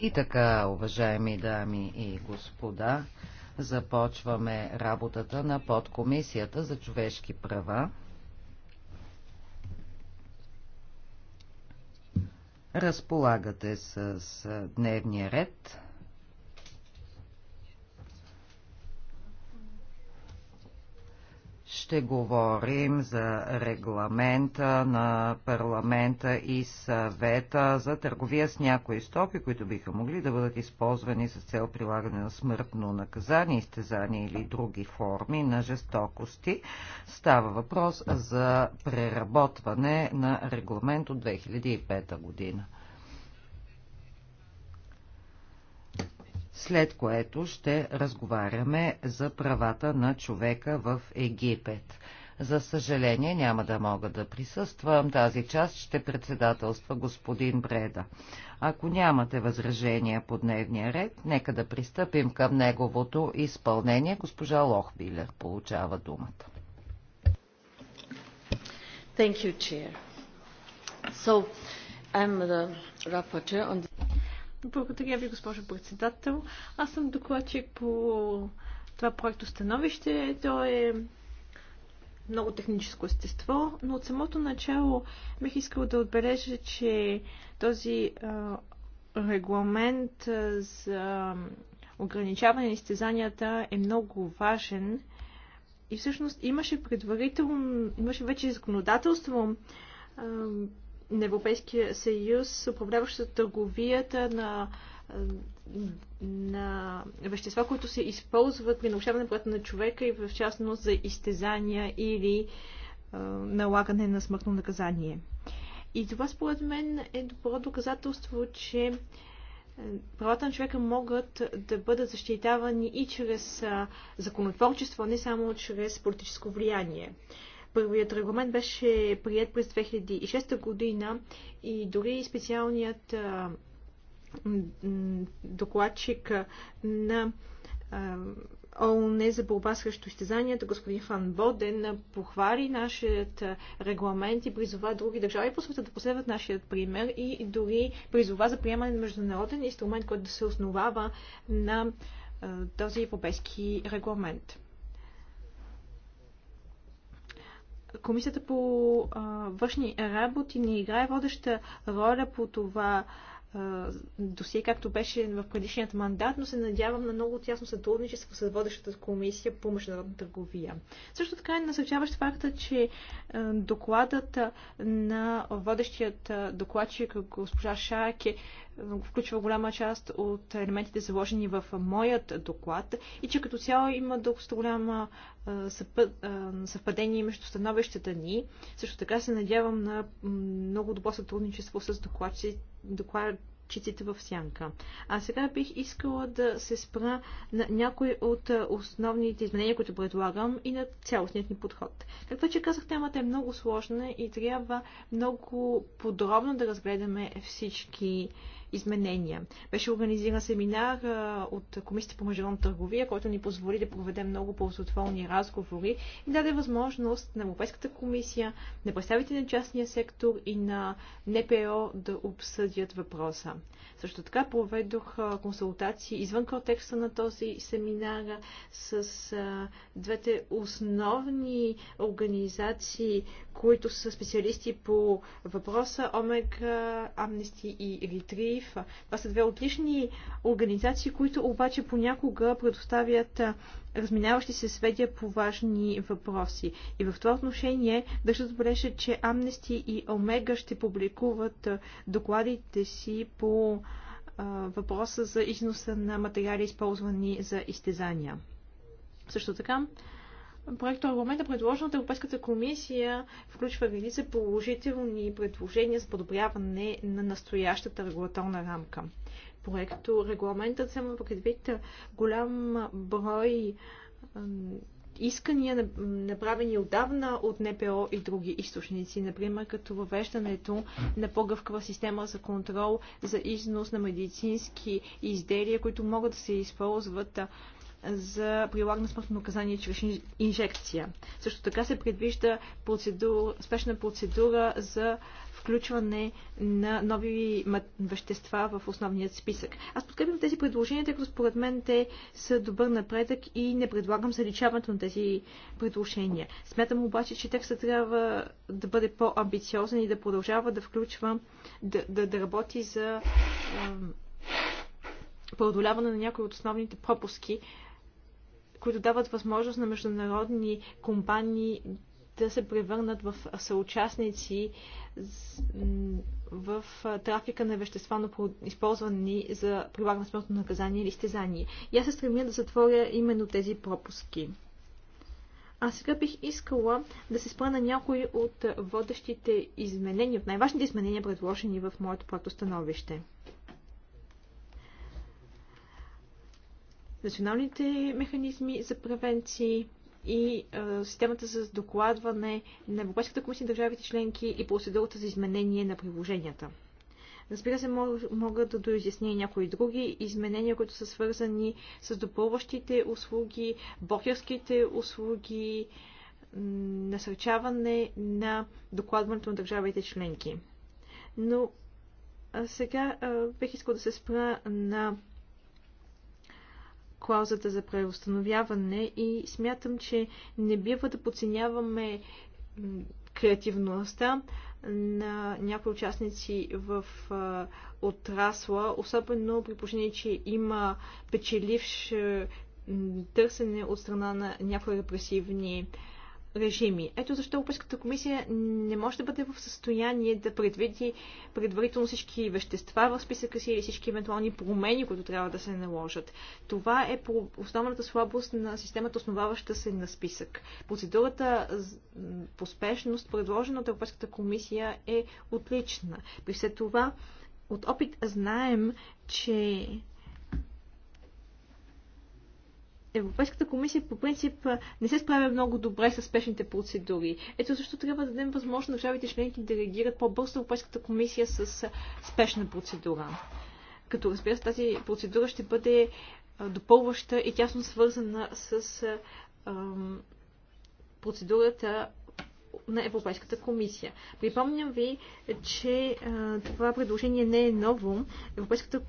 И така, уважаеми дами и господа, започваме работата на подкомисията за човешки права. Разполагате с дневния ред. ще говорим за регламента на парламента и съвета за търговия с някои стоки, които биха могли да бъдат използвани с цел прилагане на смъртно наказание, изтезание или други форми на жестокости. Става въпрос за преработване на регламент от 2005 година. след което ще разговаряме за правата на човека в Египет. За съжаление няма да мога да присъствам. Тази част ще председателства господин Бреда. Ако нямате възражения по дневния ред, нека да пристъпим към неговото изпълнение. Госпожа Лохбилер получава думата. Thank you, Chair. So, I'm the rapporteur on the... Благодаря ви, госпожо председател. Аз съм докладчик по това проекто становище. То е много техническо естество, но от самото начало бих искала да отбележа, че този а, регламент а, за ограничаване на изтезанията е много важен. И всъщност имаше предварително, имаше вече законодателство а, на Европейския съюз, управляваща търговията на, на вещества, които се използват при нарушаване правата на човека и в частност за изтезания или а, налагане на смъртно наказание. И това според мен е добро доказателство, че правата на човека могат да бъдат защитавани и чрез законотворчество, не само чрез политическо влияние. Първият регламент беше прият през 2006 година и дори специалният докладчик на ООН за борба срещу изтезанията, господин Фан Боден, похвали нашият регламент и призова други държави по света да последват нашият пример и дори призова за приемане на международен инструмент, който да се основава на този европейски регламент. Комисията по външни работи не играе водеща роля по това досие, както беше в предишният мандат, но се надявам на много тясно сътрудничество с водещата комисия по международна търговия. Също така е насърчаващ факта, че докладът на водещият докладчик госпожа Шаке включва голяма част от елементите заложени в моят доклад и че като цяло има доста голяма съвпадение между становищата ни. Също така се надявам на много добро сътрудничество с докладчиците докладчиците в сянка. А сега бих искала да се спра на някои от основните изменения, които предлагам и на цялостният ни подход. Както че казах, темата е много сложна и трябва много подробно да разгледаме всички изменения. Беше организиран семинар от Комисията по международна търговия, който ни позволи да проведем много ползотворни разговори и даде възможност на Европейската комисия, на представители на частния сектор и на НПО да обсъдят въпроса. Също така проведох консултации извън контекста на този семинар с двете основни организации, които са специалисти по въпроса Омега, Амнести и Ретрив напротив. Това са две отлични организации, които обаче понякога предоставят разминаващи се сведения по важни въпроси. И в това отношение държа да отбележа, че Амнести и Омега ще публикуват докладите си по въпроса за износа на материали, използвани за изтезания. Също така, проекто аргумента, предложен от Европейската комисия, включва редица положителни предложения за подобряване на настоящата регулаторна рамка. Проекто регламентът взема предвид голям брой искания, направени отдавна от НПО и други източници, например като въвеждането на по-гъвкава система за контрол за износ на медицински изделия, които могат да се използват за прилагане на смъртно наказание чрез инжекция. Също така се предвижда процедура, спешна процедура за включване на нови вещества в основният списък. Аз подкрепям тези предложения, тъй като според мен те са добър напредък и не предлагам заличаването на тези предложения. Смятам обаче, че текстът трябва да бъде по-амбициозен и да продължава да включва, да, да, да работи за преодоляване на някои от основните пропуски които дават възможност на международни компании да се превърнат в съучастници в трафика на вещества, но използвани за прилагане на смъртно наказание или стезание. И аз се стремя да затворя именно тези пропуски. А сега бих искала да се спра на някои от водещите изменения, от най-важните изменения, предложени в моето проекто становище. националните механизми за превенции и а, системата за докладване на Европейската комисия, на държавите членки и процедурата за изменение на приложенията. Разбира се, могат да доизясня и някои други изменения, които са свързани с допълващите услуги, бокерските услуги, насърчаване на докладването на държавите членки. Но а сега а, бих искал да се спра на клаузата за преустановяване и смятам, че не бива да подценяваме креативността на някои участници в а, отрасла, особено при положение, че има печеливш търсене от страна на някои репресивни режими. Ето защо Европейската комисия не може да бъде в състояние да предвиди предварително всички вещества в списъка си или всички евентуални промени, които трябва да се наложат. Това е по основната слабост на системата, основаваща се на списък. Процедурата по спешност, предложена от Европейската комисия, е отлична. При все това, от опит знаем, че Европейската комисия по принцип не се справя много добре с спешните процедури. Ето защо трябва да дадем възможност на държавите членки да реагират по-бързо Европейската комисия с спешна процедура. Като разбира се, тази процедура ще бъде допълваща и тясно свързана с процедурата на Европейската комисия. Припомням ви, че а, това предложение не е ново. Европейската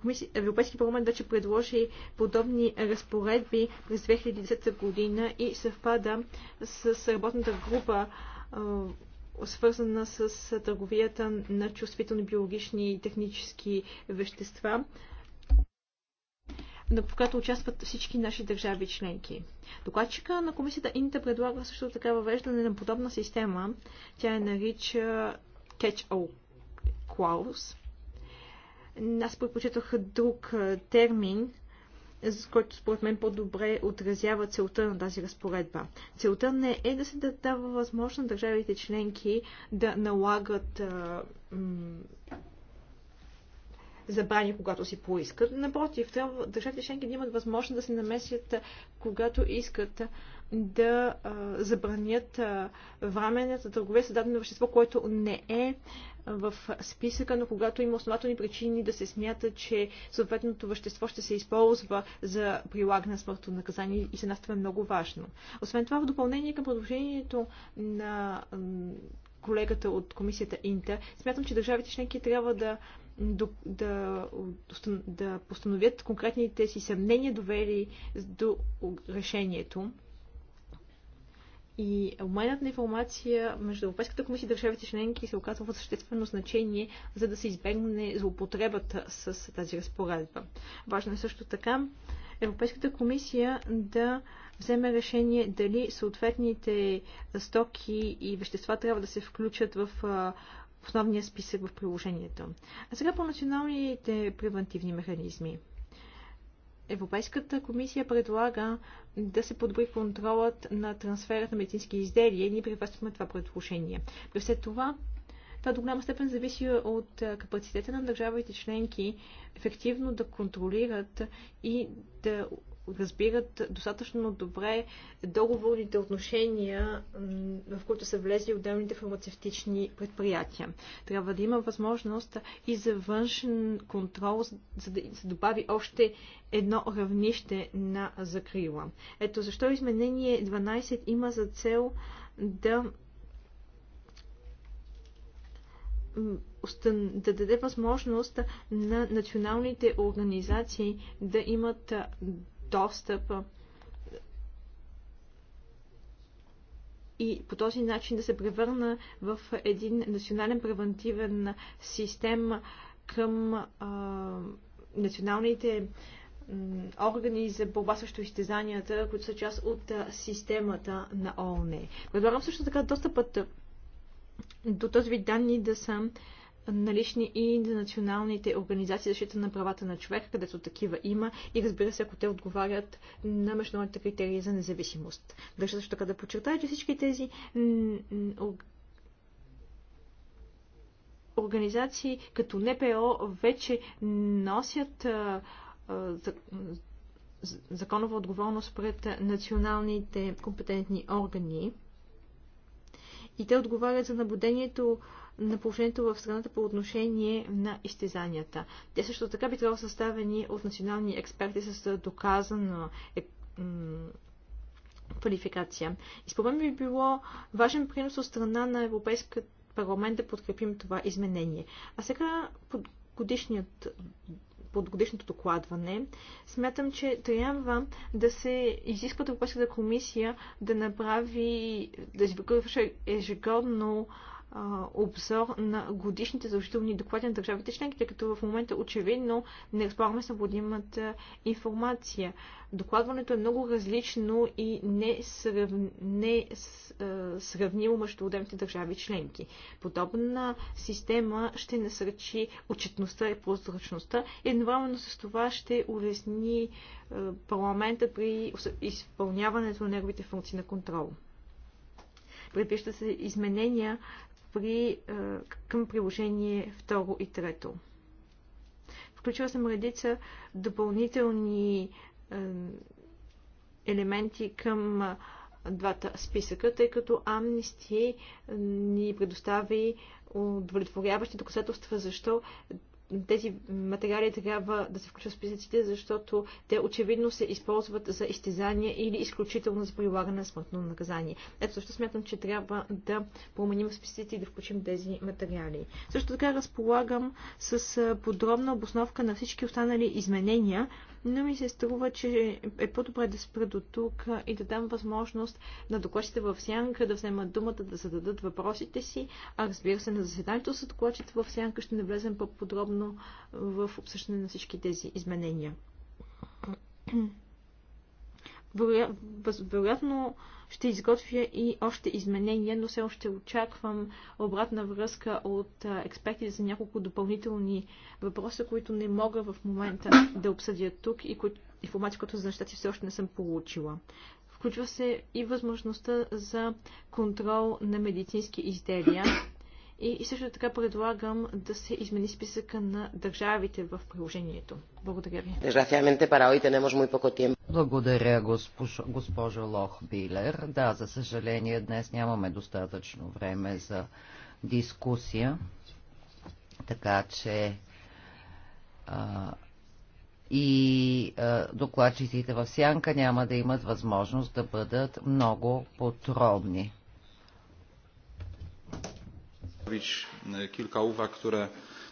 комисия, Европейски парламент вече предложи подобни разпоредби през 2010 година и съвпада с работната група а, свързана с търговията на чувствителни биологични и технически вещества на която участват всички наши държави членки. Докладчика на комисията Инта предлага също така въвеждане на подобна система. Тя е нарича Catch-all Clause. Аз предпочитах друг термин, с който според мен по-добре отразява целта на тази разпоредба. Целта не е да се дава възможност държавите членки да налагат а, забрани, когато си поискат. Напротив, трябва държавите членки да имат възможност да се намесят, когато искат да а, забранят времената за търгове с дадено вещество, което не е в списъка, но когато има основателни причини да се смята, че съответното вещество ще се използва за прилагане на смъртно наказание и за нас това е много важно. Освен това, в допълнение към предложението на колегата от комисията Инта, смятам, че държавите членки трябва да да, да постановят конкретните си съмнения, довели до решението. И обменът на информация между Европейската комисия и държавите членки се оказва в съществено значение, за да се избегне злоупотребата с тази разпоредба. Важно е също така Европейската комисия да вземе решение дали съответните стоки и вещества трябва да се включат в в основния списък в приложението. А сега по националните превентивни механизми. Европейската комисия предлага да се подобри контролът на трансферът на медицински изделия и ние приветстваме това предложение. При все това, това до голяма степен зависи от капацитета на държавите членки ефективно да контролират и да разбират достатъчно добре договорните отношения, в които са влезли отделните фармацевтични предприятия. Трябва да има възможност и за външен контрол, за да се добави още едно равнище на закрила. Ето защо изменение 12 има за цел да да даде възможност на националните организации да имат достъп и по този начин да се превърна в един национален превентивен систем към а, националните органи за борба срещу изтезанията, които са част от системата на ООН. Предлагам също така достъпът до този вид данни да са налични и за националните организации за защита на правата на човека, където такива има и разбира се, ако те отговарят на международните критерии за независимост. Държа също така да подчертая, че всички тези организации като НПО вече носят законова отговорност пред националните компетентни органи и те отговарят за наблюдението на положението в страната по отношение на изтезанията. Те също така би трябвало съставени от национални експерти с доказана е, квалификация. И според мен би било важен принос от страна на Европейския парламент да подкрепим това изменение. А сега под годишният под годишното докладване, смятам, че трябва да се изисква от Европейската комисия да направи, да извърши ежегодно обзор на годишните заучителни доклади на държавите членки, тъй като в момента очевидно не разполагаме с необходимата информация. Докладването е много различно и не, срав... не сравнимо между отделните държави членки. Подобна система ще насръчи отчетността и прозрачността и едновременно с това ще улесни парламента при изпълняването на неговите функции на контрол предвижда се изменения при, към приложение 2 и 3. Включила съм редица допълнителни елементи към двата списъка, тъй като Амнисти ни предостави удовлетворяващи доказателства защо тези материали трябва да се включат в списъците, защото те очевидно се използват за изтезание или изключително за прилагане на смъртно наказание. Ето също смятам, че трябва да променим списъците и да включим тези материали. Също така разполагам с подробна обосновка на всички останали изменения, но ми се струва, че е по-добре да спра до тук и да дам възможност на докладчите в сянка да вземат думата, да зададат въпросите си, а разбира се на заседанието с докладчите в сянка ще навлезем по-подробно в обсъждане на всички тези изменения вероятно ще изготвя и още изменения, но все още очаквам обратна връзка от експертите за няколко допълнителни въпроса, които не мога в момента да обсъдя тук и които информация, която за нещата все още не съм получила. Включва се и възможността за контрол на медицински изделия и, и също така предлагам да се измени списъка на държавите в приложението. Благодаря ви. Благодаря, госпожо, госпожо Билер. Да, за съжаление, днес нямаме достатъчно време за дискусия, така че а, и а, докладчиците в Сянка няма да имат възможност да бъдат много подробни. E, kilka uwag, które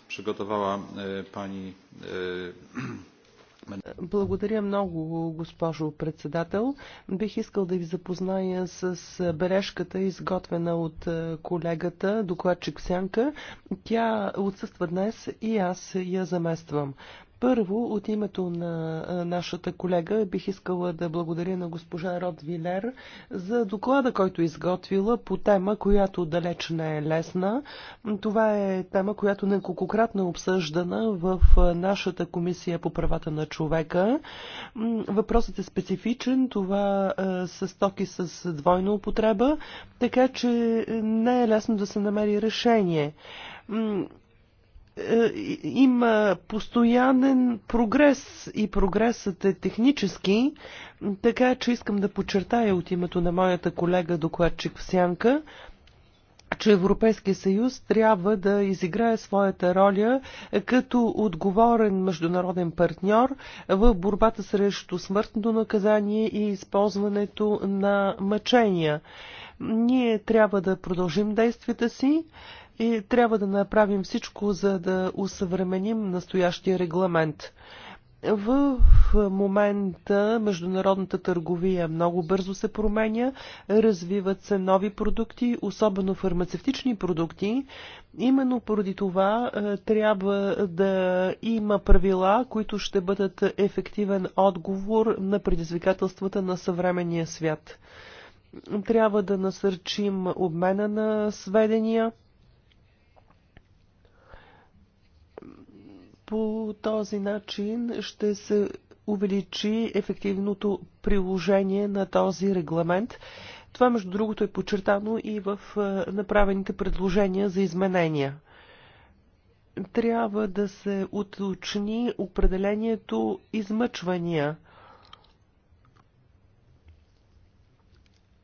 przygotowała e, pani. E, Благодаря много, госпожо председател. Бих искал да ви запозная с бережката, изготвена от е, колегата, докладчик Сянка. Тя отсъства днес и аз я замествам. Първо, от името на нашата колега, бих искала да благодаря на госпожа Род Вилер за доклада, който е изготвила по тема, която далеч не е лесна. Това е тема, която неколкократно е обсъждана в нашата комисия по правата на човека. Въпросът е специфичен. Това са стоки с двойна употреба, така че не е лесно да се намери решение е, има постоянен прогрес и прогресът е технически, така че искам да подчертая от името на моята колега докладчик в Сянка, че Европейския съюз трябва да изиграе своята роля като отговорен международен партньор в борбата срещу смъртното наказание и използването на мъчения. Ние трябва да продължим действията си и трябва да направим всичко, за да усъвременим настоящия регламент. В момента международната търговия много бързо се променя, развиват се нови продукти, особено фармацевтични продукти. Именно поради това е, трябва да има правила, които ще бъдат ефективен отговор на предизвикателствата на съвременния свят. Трябва да насърчим обмена на сведения По този начин ще се увеличи ефективното приложение на този регламент. Това, между другото, е подчертано и в е, направените предложения за изменения. Трябва да се уточни определението измъчвания.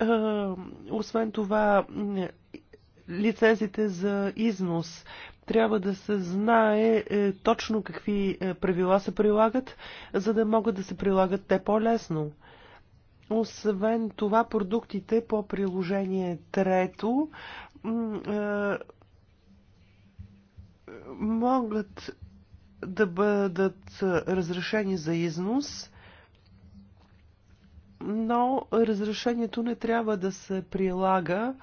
Е, освен това, е, лицензите за износ трябва да се знае е, точно какви е, правила се прилагат, за да могат да се прилагат те по-лесно. Освен това, продуктите по приложение трето е, могат да бъдат разрешени за износ, но разрешението не трябва да се прилага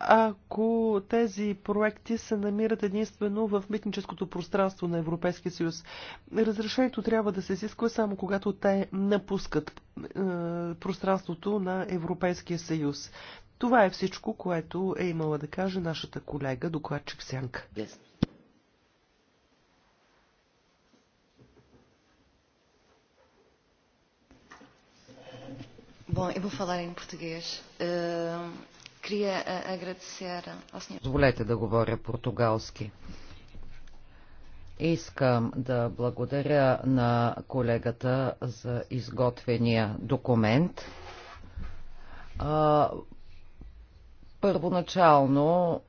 ако тези проекти се намират единствено в митническото пространство на Европейския съюз. Разрешението трябва да се изисква само когато те напускат е, пространството на Европейския съюз. Това е всичко, което е имала да каже нашата колега, докладчик Сянка. Yes. Bom, eu vou falar em português. Uh, Queria agradecer ao senhor. Позволете да говоря португалски. Искам да благодаря на колегата за изготвения документ. Първоначално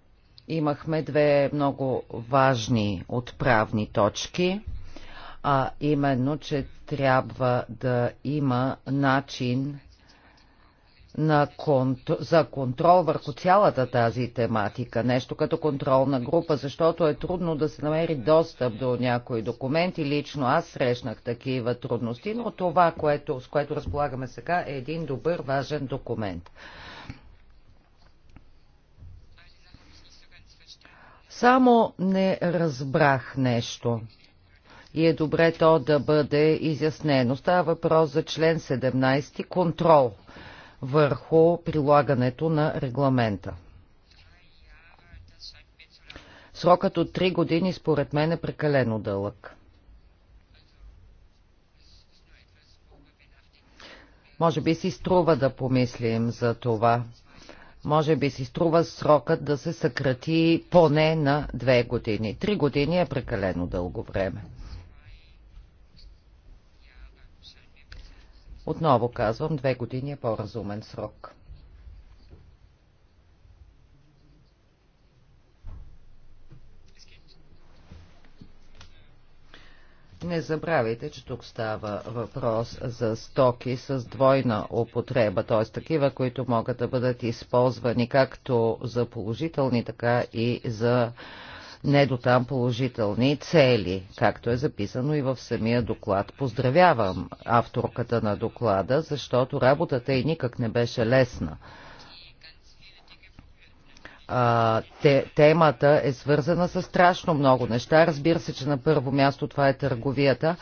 имахме две много важни отправни точки, а именно, че трябва да има начин на конт... за контрол върху цялата тази тематика, нещо като контролна група, защото е трудно да се намери достъп до някои документи. Лично аз срещнах такива трудности, но това, което, с което разполагаме сега, е един добър, важен документ. Само не разбрах нещо и е добре то да бъде изяснено. Става въпрос за член 17 контрол – върху прилагането на регламента. Срокът от 3 години според мен е прекалено дълъг. Може би си струва да помислим за това. Може би си струва срокът да се съкрати поне на две години. Три години е прекалено дълго време. Отново казвам, две години е по-разумен срок. Не забравяйте, че тук става въпрос за стоки с двойна употреба, т.е. такива, които могат да бъдат използвани както за положителни, така и за не до там положителни цели, както е записано и в самия доклад. Поздравявам авторката на доклада, защото работата и никак не беше лесна те, темата е свързана с страшно много неща. Разбира се, че на първо място това е търговията,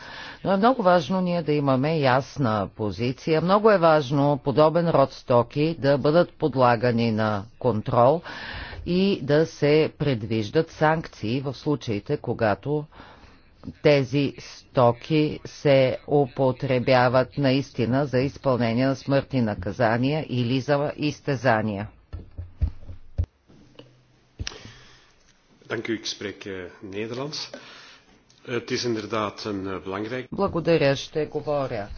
но е много важно ние да имаме ясна позиция. Много е важно подобен род стоки да бъдат подлагани на контрол и да се предвиждат санкции в случаите, когато тези стоки се употребяват наистина за изпълнение на смъртни наказания или за изтезания. Благодаря, ще говоря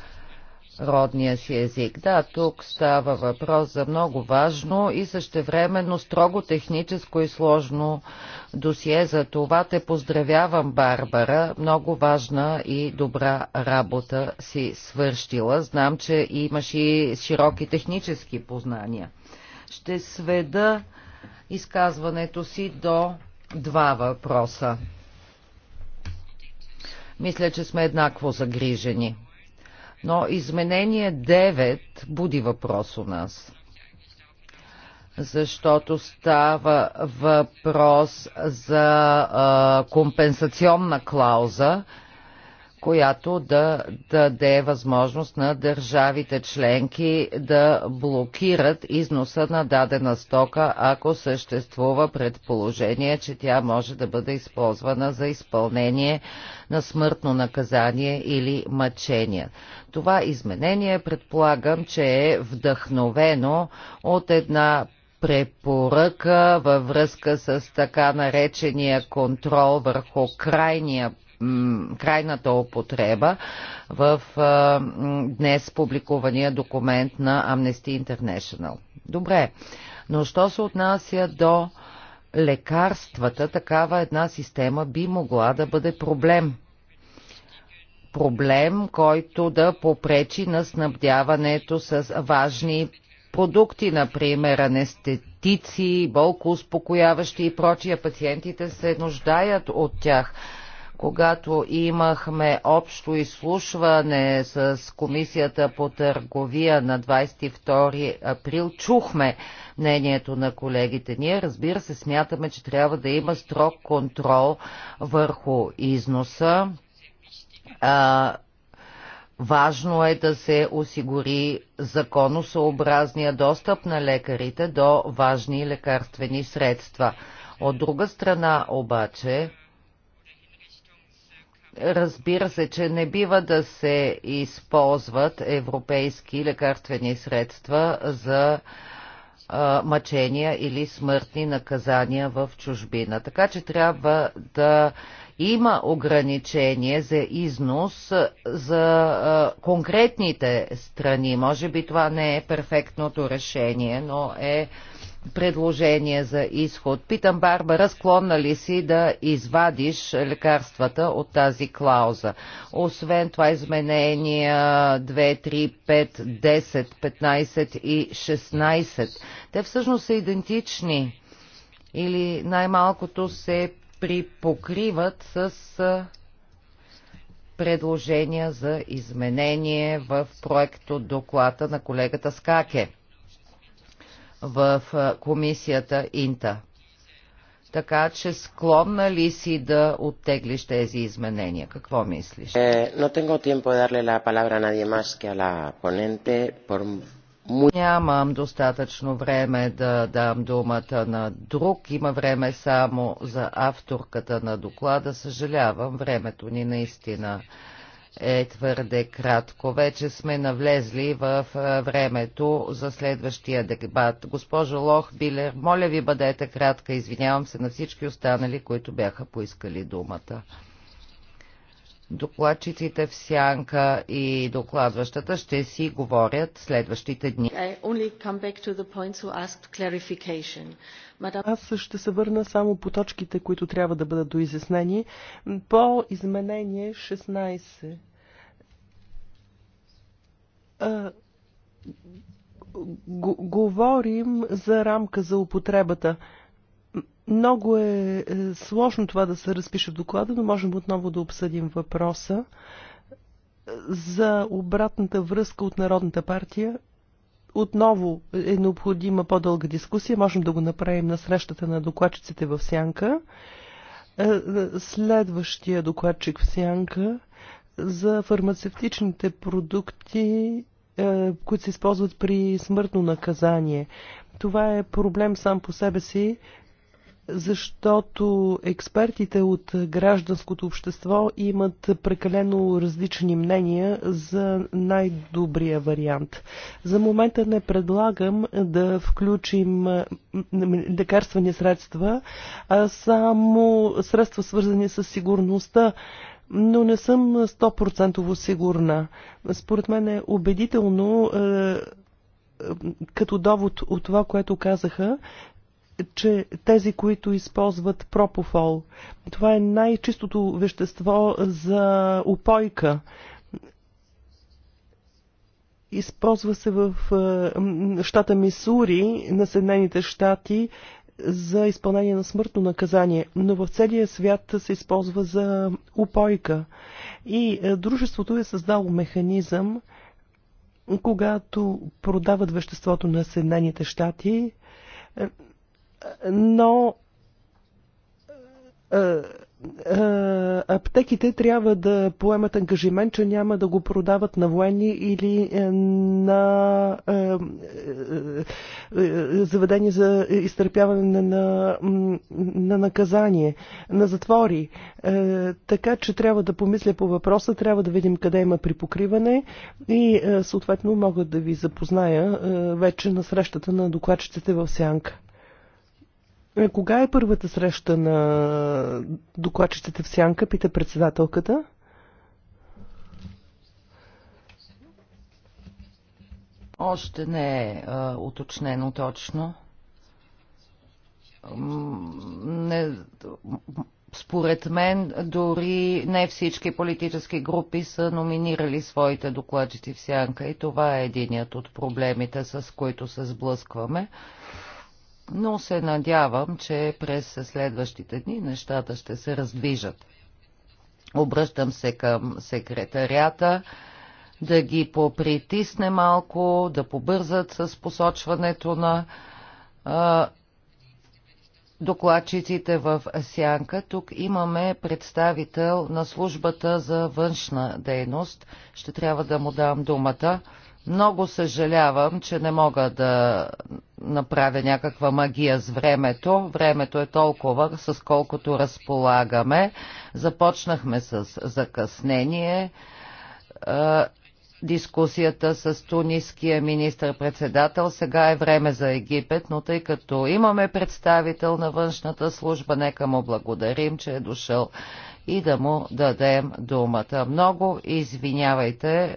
родния си език. Да, тук става въпрос за много важно и същевременно строго техническо и сложно досие. За това те поздравявам, Барбара. Много важна и добра работа си свършила. Знам, че имаш и широки технически познания. Ще сведа изказването си до два въпроса. Мисля, че сме еднакво загрижени. Но изменение 9 буди въпрос у нас защото става въпрос за а, компенсационна клауза, която да даде възможност на държавите членки да блокират износа на дадена стока, ако съществува предположение, че тя може да бъде използвана за изпълнение на смъртно наказание или мъчение. Това изменение предполагам, че е вдъхновено от една препоръка във връзка с така наречения контрол върху крайния крайната употреба в днес публикувания документ на Amnesty International. Добре, но що се отнася до лекарствата, такава една система би могла да бъде проблем проблем, който да попречи на снабдяването с важни продукти, например анестетици, болко успокояващи и прочия. Пациентите се нуждаят от тях когато имахме общо изслушване с Комисията по търговия на 22 април, чухме мнението на колегите. Ние, разбира се, смятаме, че трябва да има строг контрол върху износа. А, Важно е да се осигури законосъобразния достъп на лекарите до важни лекарствени средства. От друга страна обаче, Разбира се, че не бива да се използват европейски лекарствени средства за мъчения или смъртни наказания в чужбина. Така че трябва да има ограничение за износ за конкретните страни. Може би това не е перфектното решение, но е предложение за изход. Питам Барбара, склонна ли си да извадиш лекарствата от тази клауза? Освен това изменения 2, 3, 5, 10, 15 и 16. Те всъщност са идентични или най-малкото се припокриват с предложения за изменение в проекто доклада на колегата Скаке в комисията Инта. Така че склонна ли си да оттеглиш тези изменения? Какво мислиш? Е, Нямам достатъчно време да дам думата на друг. Има време само за авторката на доклада. Съжалявам, времето ни наистина е твърде кратко. Вече сме навлезли в времето за следващия дебат. Госпожо Лох Билер, моля ви бъдете кратка. Извинявам се на всички останали, които бяха поискали думата докладчиците в сянка и докладващата ще си говорят следващите дни. Аз ще се върна само по точките, които трябва да бъдат доизяснени. По изменение 16. А, говорим за рамка за употребата. Много е, е сложно това да се разпише в доклада, но можем отново да обсъдим въпроса за обратната връзка от Народната партия. Отново е необходима по-дълга дискусия. Можем да го направим на срещата на докладчиците в Сянка. Е, е, следващия докладчик в Сянка за фармацевтичните продукти, които се използват при смъртно наказание. Това е проблем сам по себе си, защото експертите от гражданското общество имат прекалено различни мнения за най-добрия вариант. За момента не предлагам да включим лекарствени средства, а само средства свързани с сигурността но не съм 100% сигурна. Според мен е убедително е, е, като довод от това, което казаха, че тези, които използват пропофол, това е най-чистото вещество за опойка. Използва се в е, щата Мисури на Съединените щати за изпълнение на смъртно наказание, но в целия свят се използва за упойка. И е, дружеството е създало механизъм, когато продават веществото на Съединените щати, е, но е, е, аптеките трябва да поемат ангажимент, че няма да го продават на военни или е, на заведения за изтърпяване на, на наказание, на затвори. Така че трябва да помисля по въпроса, трябва да видим къде има припокриване и съответно мога да ви запозная вече на срещата на докладчиците в Сянка. Е, кога е първата среща на докладчиците в Сянка, пита председателката? Още не е а, уточнено точно. Не, според мен дори не всички политически групи са номинирали своите докладчици в Сянка и това е единият от проблемите, с които се сблъскваме но се надявам, че през следващите дни нещата ще се раздвижат. Обръщам се към секретарята да ги попритисне малко, да побързат с посочването на а, докладчиците в Сянка. Тук имаме представител на службата за външна дейност. Ще трябва да му дам думата. Много съжалявам, че не мога да направя някаква магия с времето. Времето е толкова, с колкото разполагаме. Започнахме с закъснение. Е, дискусията с туниския министр-председател. Сега е време за Египет, но тъй като имаме представител на външната служба, нека му благодарим, че е дошъл и да му дадем думата. Много извинявайте,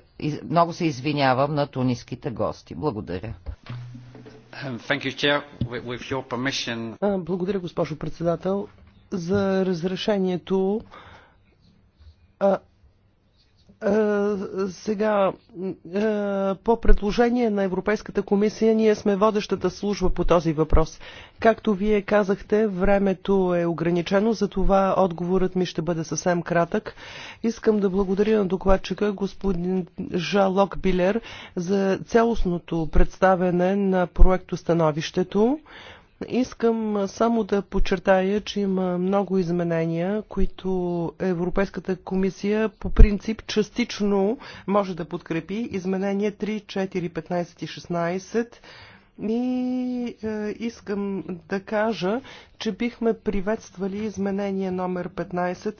много се извинявам на туниските гости. Благодаря. Um, благодаря, госпожо председател, за разрешението. Е, сега, е, по предложение на Европейската комисия, ние сме водещата служба по този въпрос. Както вие казахте, времето е ограничено, затова отговорът ми ще бъде съвсем кратък. Искам да благодаря на докладчика господин Жалок Билер за цялостното представене на проекто становището. Искам само да подчертая, че има много изменения, които Европейската комисия по принцип частично може да подкрепи. Изменения 3, 4, 15 и 16. И е, искам да кажа, че бихме приветствали изменение номер 15,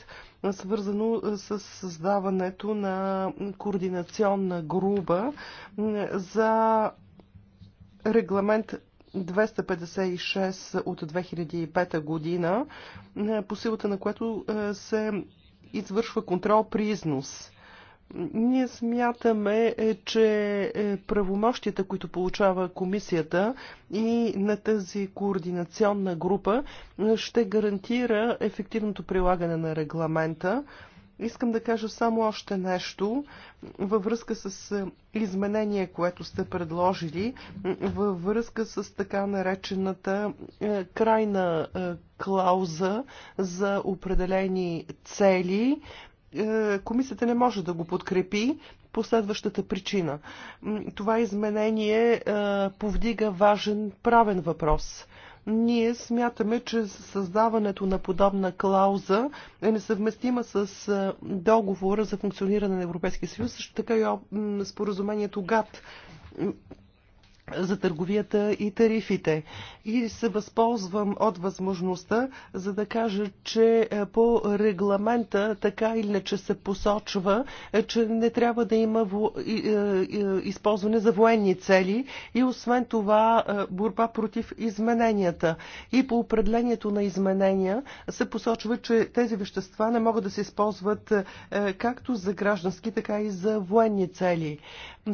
свързано е, с създаването на координационна група за регламент 256 от 2005 година, е, по силата на което е, се извършва контрол при износ. Ние смятаме, е, че правомощията, които получава комисията и на тази координационна група ще гарантира ефективното прилагане на регламента, Искам да кажа само още нещо във връзка с е, изменение, което сте предложили, във връзка с така наречената е, крайна е, клауза за определени цели. Комисията не може да го подкрепи по следващата причина. Това изменение повдига важен правен въпрос – ние смятаме, че създаването на подобна клауза е несъвместима с договора за функциониране на Европейския съюз, също така и споразумението ГАТ за търговията и тарифите. И се възползвам от възможността, за да кажа, че е, по регламента така или иначе се посочва, е, че не трябва да има во... Е, използване за военни цели и освен това борба против измененията. И по определението на изменения се посочва, че тези вещества не могат да се използват както за граждански, така и за военни цели.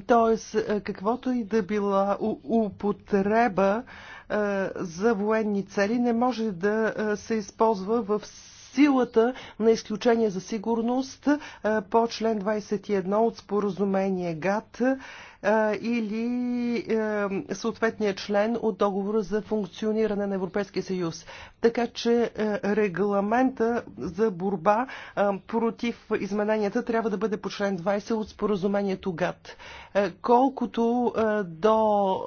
Тоест, каквото и да била употреба е, за военни цели не може да е, се използва в силата на изключение за сигурност е, по член 21 от споразумение ГАТ или съответния член от договора за функциониране на Европейския съюз. Така че регламента за борба против измененията трябва да бъде по член 20 от споразумението ГАТ. Колкото до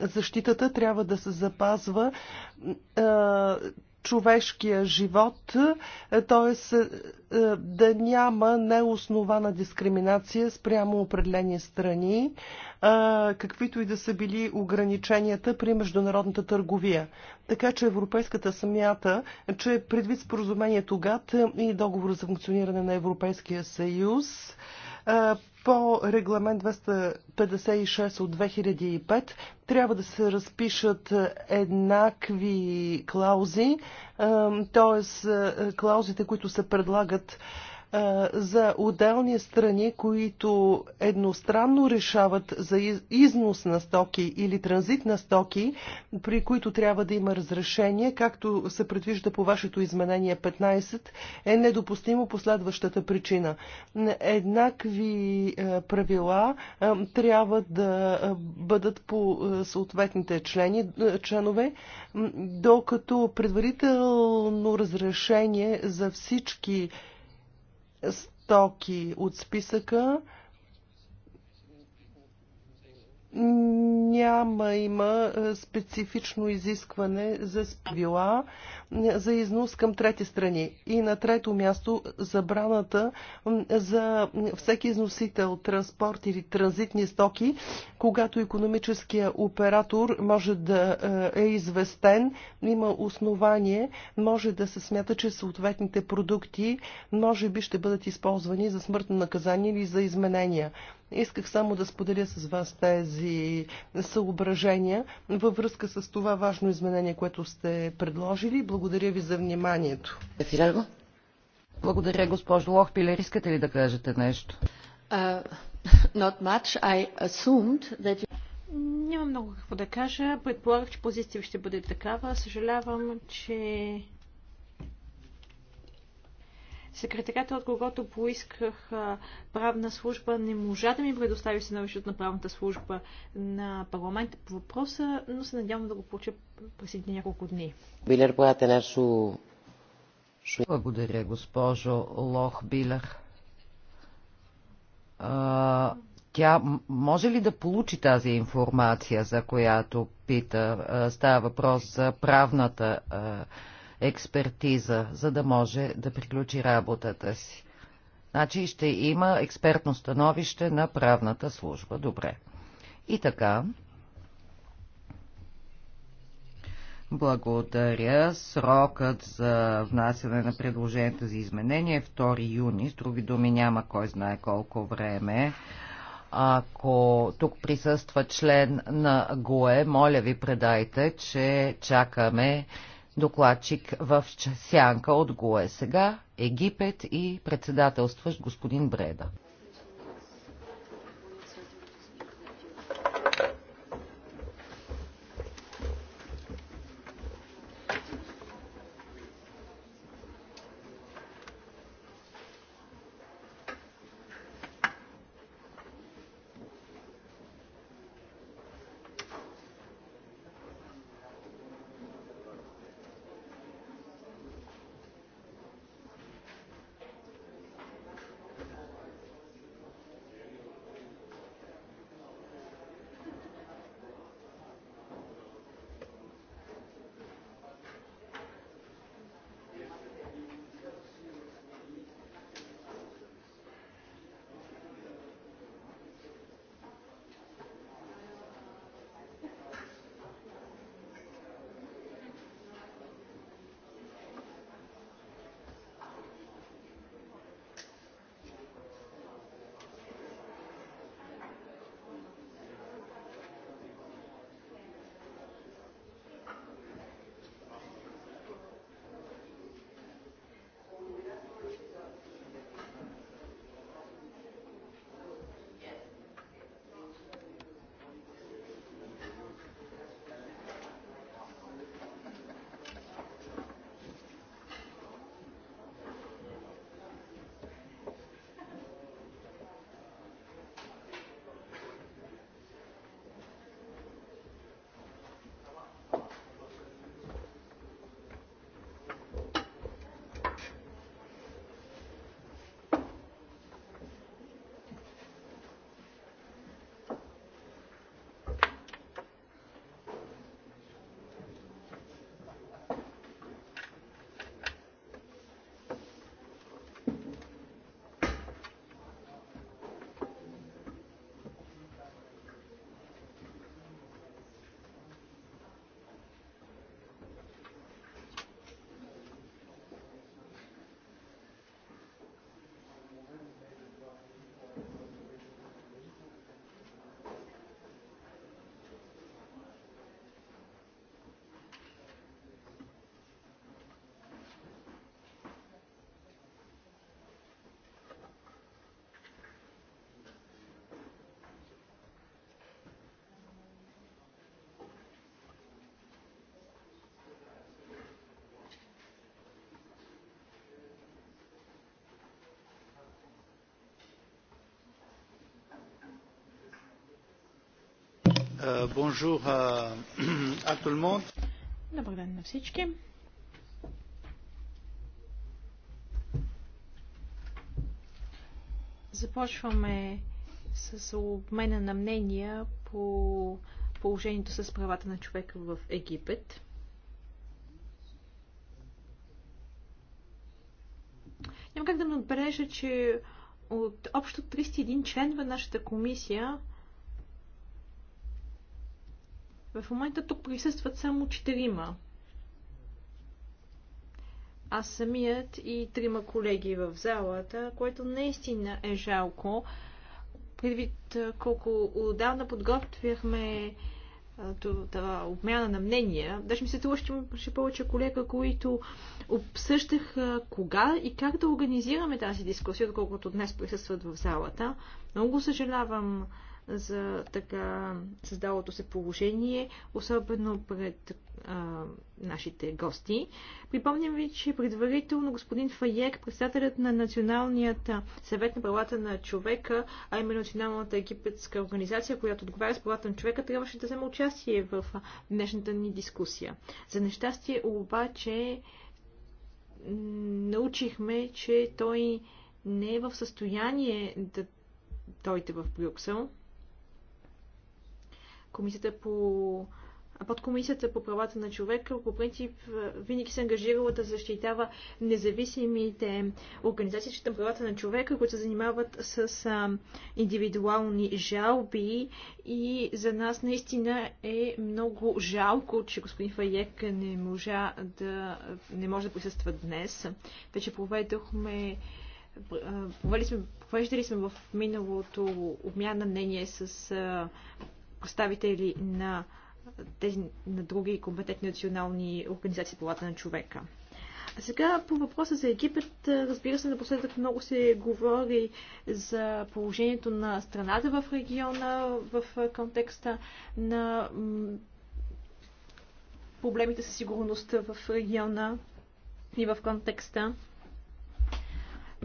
защитата трябва да се запазва човешкия живот, т.е. Е, да няма неоснована дискриминация спрямо определени страни, е, каквито и да са били ограниченията при международната търговия. Така че Европейската смята, че предвид споразумението ГАТ и договор за функциониране на Европейския съюз, по регламент 256 от 2005 трябва да се разпишат еднакви клаузи, т.е. клаузите, които се предлагат за отделни страни, които едностранно решават за износ на стоки или транзит на стоки, при които трябва да има разрешение, както се предвижда по вашето изменение 15, е недопустимо по следващата причина. Еднакви правила трябва да бъдат по съответните члени, членове, докато предварително разрешение за всички стоки от списъка няма има е, специфично изискване за правила за износ към трети страни. И на трето място забраната за всеки износител транспорт или транзитни стоки, когато економическия оператор може да е, е известен, има основание, може да се смята, че съответните продукти може би ще бъдат използвани за смъртно наказание или за изменения. Исках само да споделя с вас тези съображения във връзка с това важно изменение, което сте предложили. Благодаря ви за вниманието. Благодаря, госпожо Лохпилер. Искате ли да кажете нещо? Uh, not much. I assumed that you... Няма много какво да кажа. Предполагах, че позиция ще бъде такава. Съжалявам, че Секретарята, от когото поисках правна служба, не можа да ми предостави становище от правната служба на парламента по въпроса, но се надявам да го получа през няколко дни. Билер, Благодаря, госпожо Лох Билер. А, тя може ли да получи тази информация, за която пита? Става въпрос за правната а, експертиза, за да може да приключи работата си. Значи ще има експертно становище на правната служба. Добре. И така. Благодаря. Срокът за внасяне на предложението за изменение е 2 юни. С други думи няма кой знае колко време. Ако тук присъства член на ГОЕ, моля ви предайте, че чакаме докладчик в сянка от ГУЕ. Сега Египет и председателстващ господин Бреда. Euh, Добър ден на всички. Започваме с обмена на мнения по положението с правата на човека в Египет. Няма как да не отбележа, че от общо 301 членове нашата комисия в момента тук присъстват само четирима. Аз самият и трима колеги в залата, което наистина е жалко, предвид колко отдавна подготвяхме това обмяна на мнения. Даже ми се това ще имаше повече колега, които обсъщах кога и как да организираме тази дискусия, отколкото днес присъстват в залата. Много съжалявам, за така създалото се положение, особено пред а, нашите гости. Припомням ви, че предварително господин Фаек, председателят на Националният съвет на правата на човека, а именно Националната египетска организация, която отговаря с правата на човека, трябваше да вземе участие в днешната ни дискусия. За нещастие обаче научихме, че той не е в състояние да дойде в Брюксел. Комисията по подкомисията по правата на човека по принцип е, винаги се ангажирала да защитава независимите организации, че правата на човека, които се занимават с а, индивидуални жалби и за нас наистина е много жалко, че господин Фаек не, можа да, не може да присъства днес. Вече проведохме сме, провеждали сме в миналото обмяна мнение с представители на, тези, на други компетентни национални организации по на човека. А сега по въпроса за Египет, разбира се, напоследък много се говори за положението на страната в региона в контекста на проблемите със сигурността в региона и в контекста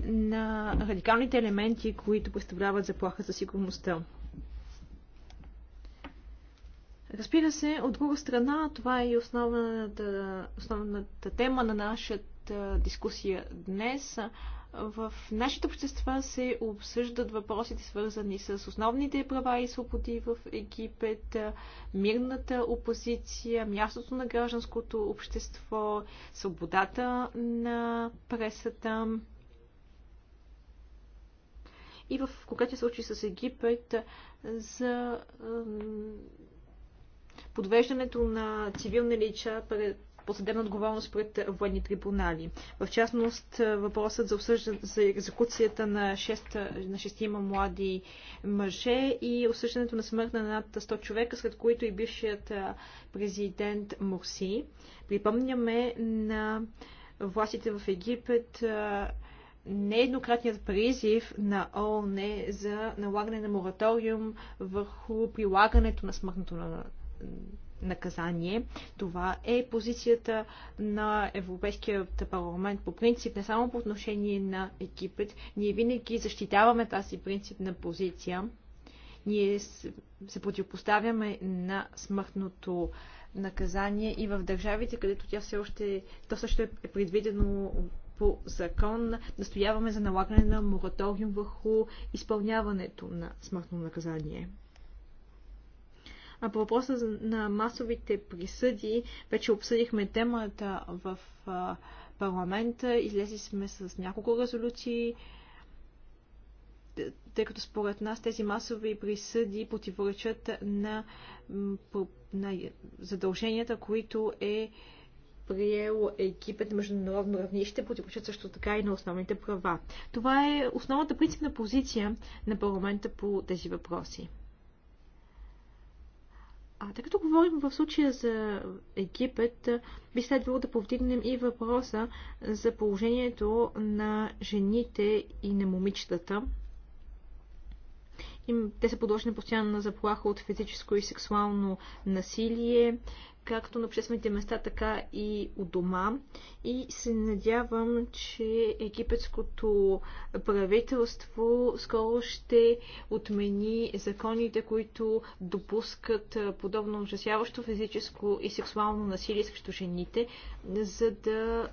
на радикалните елементи, които представляват заплаха за сигурността. Разбира се, от друга страна, това е и основната, основната тема на нашата дискусия днес. В нашите общества се обсъждат въпросите, свързани с основните права и свободи в Египет, мирната опозиция, мястото на гражданското общество, свободата на пресата. И в конкретния случай с Египет за подвеждането на цивилни лича пред посъдебна отговорност пред военни трибунали. В частност, е, въпросът за, осъждане, за екзекуцията на, 6, е, на 6 млади мъже и осъждането на смърт на над 100 човека, сред които и бившият е, президент Мурси. Припомняме на властите в Египет нееднократният призив на ООН за налагане на мораториум върху прилагането на смъртното наказание. Това е позицията на Европейския парламент по принцип, не само по отношение на Египет. Ние винаги защитаваме тази принципна позиция. Ние се противопоставяме на смъртното наказание и в държавите, където тя все още, то също е предвидено по закон настояваме за налагане на мораториум върху изпълняването на смъртно наказание. А по въпроса на масовите присъди, вече обсъдихме темата в парламента, излезли сме с няколко резолюции, тъй като според нас тези масови присъди противоречат на, на задълженията, които е приел Египет на международно равнище, противоречат също така и на основните права. Това е основната принципна позиция на парламента по тези въпроси. А тъй като говорим в случая за Египет, би следвало да повдигнем и въпроса за положението на жените и на момичетата. Им, те са подложени постоянно на заплаха от физическо и сексуално насилие, както на обществените места, така и у дома. И се надявам, че египетското правителство скоро ще отмени законите, които допускат подобно ужасяващо физическо и сексуално насилие срещу жените, за да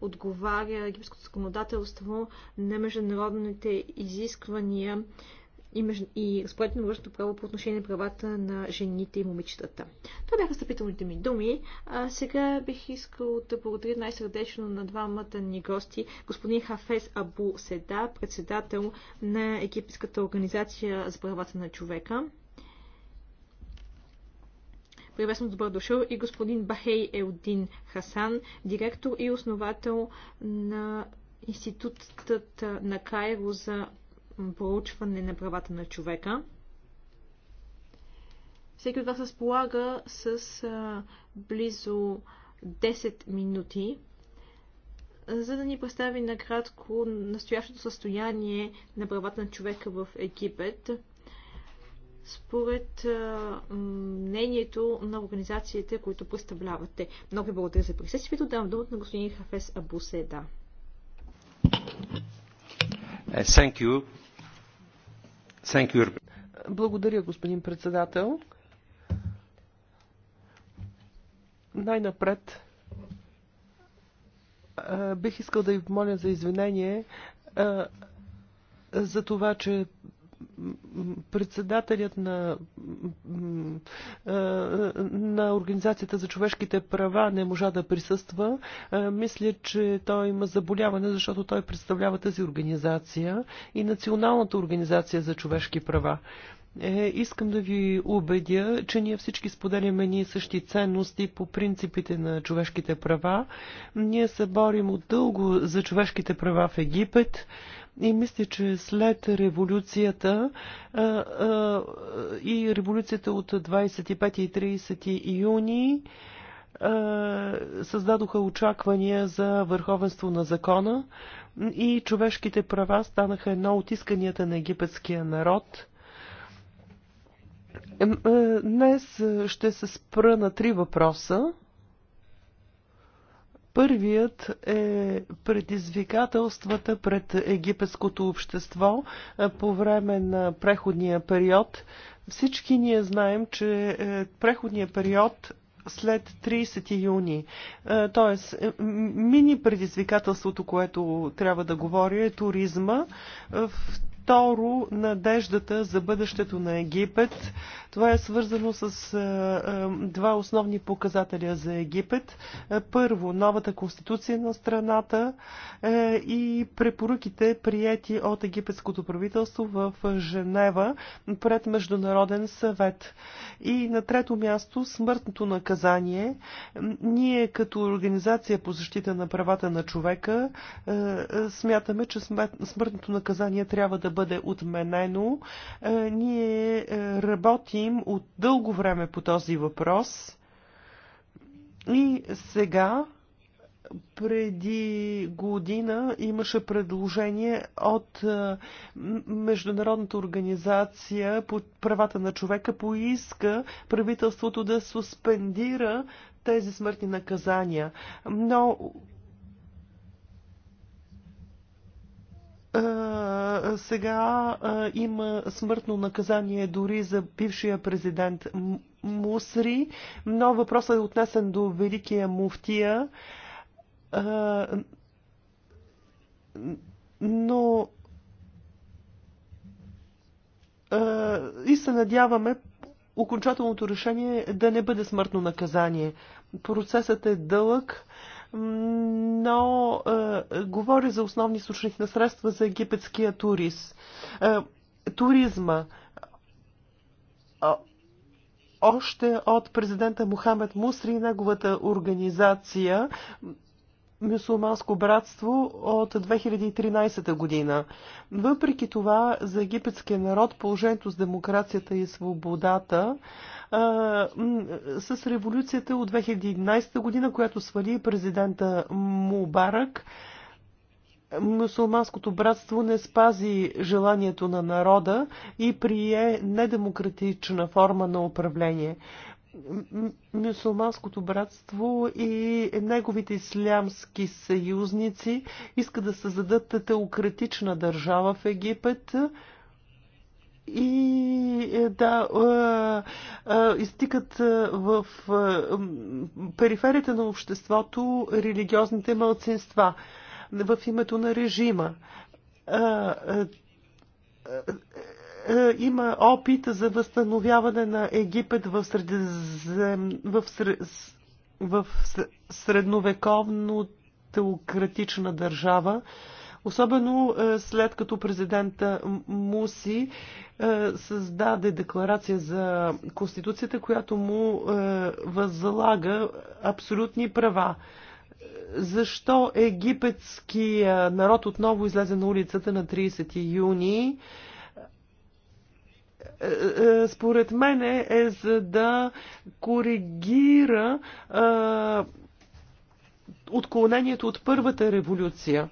отговаря египетското законодателство на международните изисквания и, меж... и разпоредите на външното право по отношение на правата на жените и момичетата. Това бяха стъпителните ми думи. А сега бих искал да благодаря най-сърдечно на двамата ни гости, господин Хафес Абу Седа, председател на Египетската организация за правата на човека. Приветствам добър дошъл и господин Бахей Елдин Хасан, директор и основател на Институтът на Кайро за проучване на правата на човека. Всеки от вас разполага с а, близо 10 минути, за да ни представи накратко настоящото състояние на правата на човека в Египет, според а, мнението на организациите, които представлявате. Много ви благодаря за присъствието. Давам думата на господин Хафес Абуседа. Е, thank you. Благодаря, господин председател. Най-напред бих искал да ви помоля за извинение за това, че председателят на на Организацията за човешките права не можа да присъства. Е, мисля, че той има заболяване, защото той представлява тази организация и Националната организация за човешки права. Е, искам да ви убедя, че ние всички споделяме ние същи ценности по принципите на човешките права. Ние се борим от дълго за човешките права в Египет. И мисля, че след революцията а, а, и революцията от 25 и 30 юни а, създадоха очаквания за върховенство на закона и човешките права станаха едно от исканията на египетския народ. Днес ще се спра на три въпроса. Първият е предизвикателствата пред египетското общество по време на преходния период. Всички ние знаем, че е, преходния период след 30 юни. Е, тоест, е, мини предизвикателството, което трябва да говоря е туризма. Второ, надеждата за бъдещето на Египет. Това е свързано с два основни показателя за Египет. Първо, новата конституция на страната и препоръките, прияти от египетското правителство в Женева пред Международен съвет. И на трето място, смъртното наказание. Ние като Организация по защита на правата на човека смятаме, че смъртното наказание трябва да бъде бъде отменено. Е, ние е, работим от дълго време по този въпрос. И сега преди година имаше предложение от е, Международната организация по правата на човека поиска правителството да суспендира тези смъртни наказания. Но Е, сега е, има смъртно наказание дори за бившия президент Мусри, но въпросът е отнесен до великия муфтия. Е, но и се надяваме окончателното решение да не бъде смъртно наказание. Процесът е дълъг. А, но е, говоря за основни източник на средства за египетския турист. Е, туризма. още от президента Мухамед Мусри и неговата организация мюсулманско братство от 2013 година. Въпреки това, за египетския народ положението с демокрацията и свободата а, с революцията от 2011 година, която свали президента Мубарак, мусулманското братство не спази желанието на народа и прие недемократична форма на управление мюсулманското братство и неговите ислямски съюзници иска да създадат теократична държава в Египет и е, да е, е, изтикат в периферията на обществото религиозните мълцинства в името на режима е, има опит за възстановяване на Египет в, средизем... в, сред... в средновековно теократична държава. Особено е, след като президента Муси е, създаде декларация за Конституцията, която му възлага абсолютни права. Защо египетския народ отново излезе на улицата на 30 юни? според мен е за да коригира отклонението от първата революция.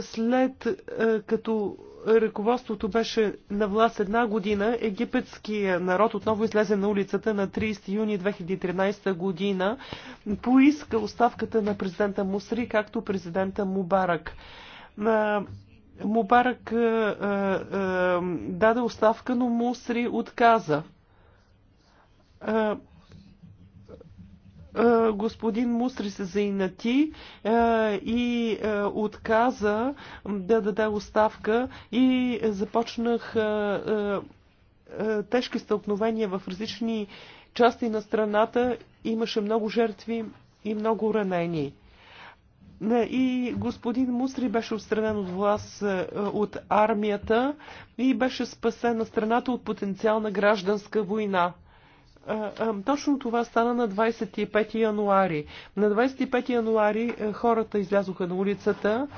След като ръководството беше на власт една година, египетския народ отново излезе на улицата на 30 юни 2013 година, поиска оставката на президента Мусри, както президента Мубарак. Мубарак а, е, а, е, е, даде оставка, но Мусри отказа. А, господин Мустри се заинати и отказа да даде оставка и започнах тежки стълкновения в различни части на страната. Имаше много жертви и много ранени. Е, и господин Мусри беше отстранен от власт е, от армията и беше спасен на страната от потенциална гражданска война. Е, точно това стана на 25 януари. На 25 януари хората излязоха на улицата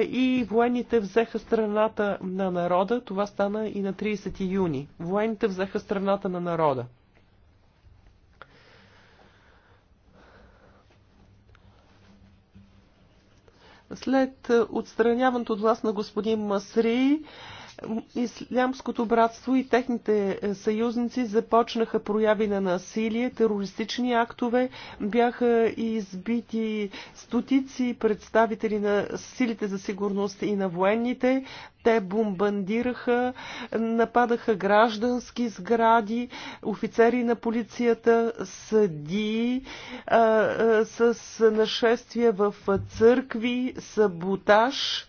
и военните взеха страната на народа. Това стана и на 30 юни. Военните взеха страната на народа. След е, отстраняването от власт на господин Масри, Ислямското братство и техните е, съюзници започнаха прояви на насилие, терористични актове, бяха избити стотици представители на силите за сигурност и на военните. Те бомбандираха, нападаха граждански сгради, офицери на полицията, съди, с нашествия в църкви, саботаж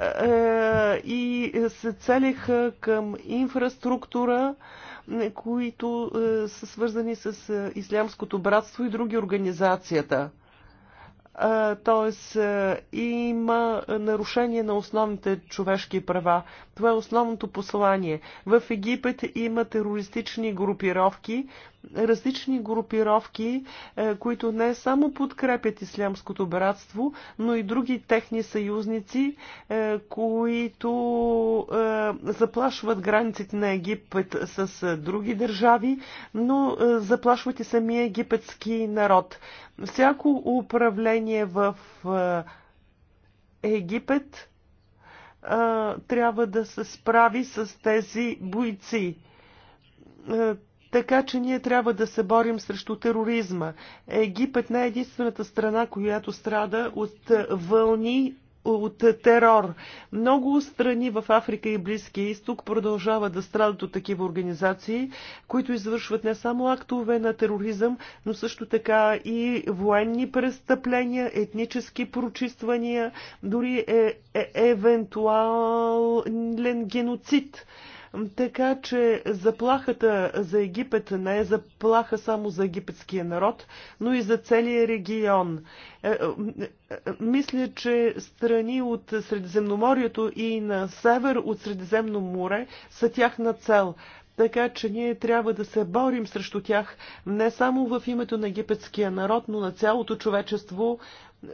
е, и се целиха към инфраструктура, които е, са свързани с е, Ислямското братство и други организацията. Тоест има нарушение на основните човешки права. Това е основното послание. В Египет има терористични групировки, различни групировки, е, които не само подкрепят ислямското братство, но и други техни съюзници, е, които е, заплашват границите на Египет с други държави, но заплашват и самия египетски народ. Всяко управление в Египет а, трябва да се справи с тези бойци. Така че ние трябва да се борим срещу тероризма. Египет не е единствената страна, която страда от вълни от терор. Много страни в Африка и Близкия изток продължават да страдат от такива организации, които извършват не само актове на тероризъм, но също така и военни престъпления, етнически прочиствания, дори е, е, е евентуален геноцид. Така че заплахата за Египет не е заплаха само за египетския народ, но и за целия регион. Е, е, е, мисля, че страни от Средиземноморието и на север от Средиземно море са тяхна цел така че ние трябва да се борим срещу тях не само в името на египетския народ, но на цялото човечество,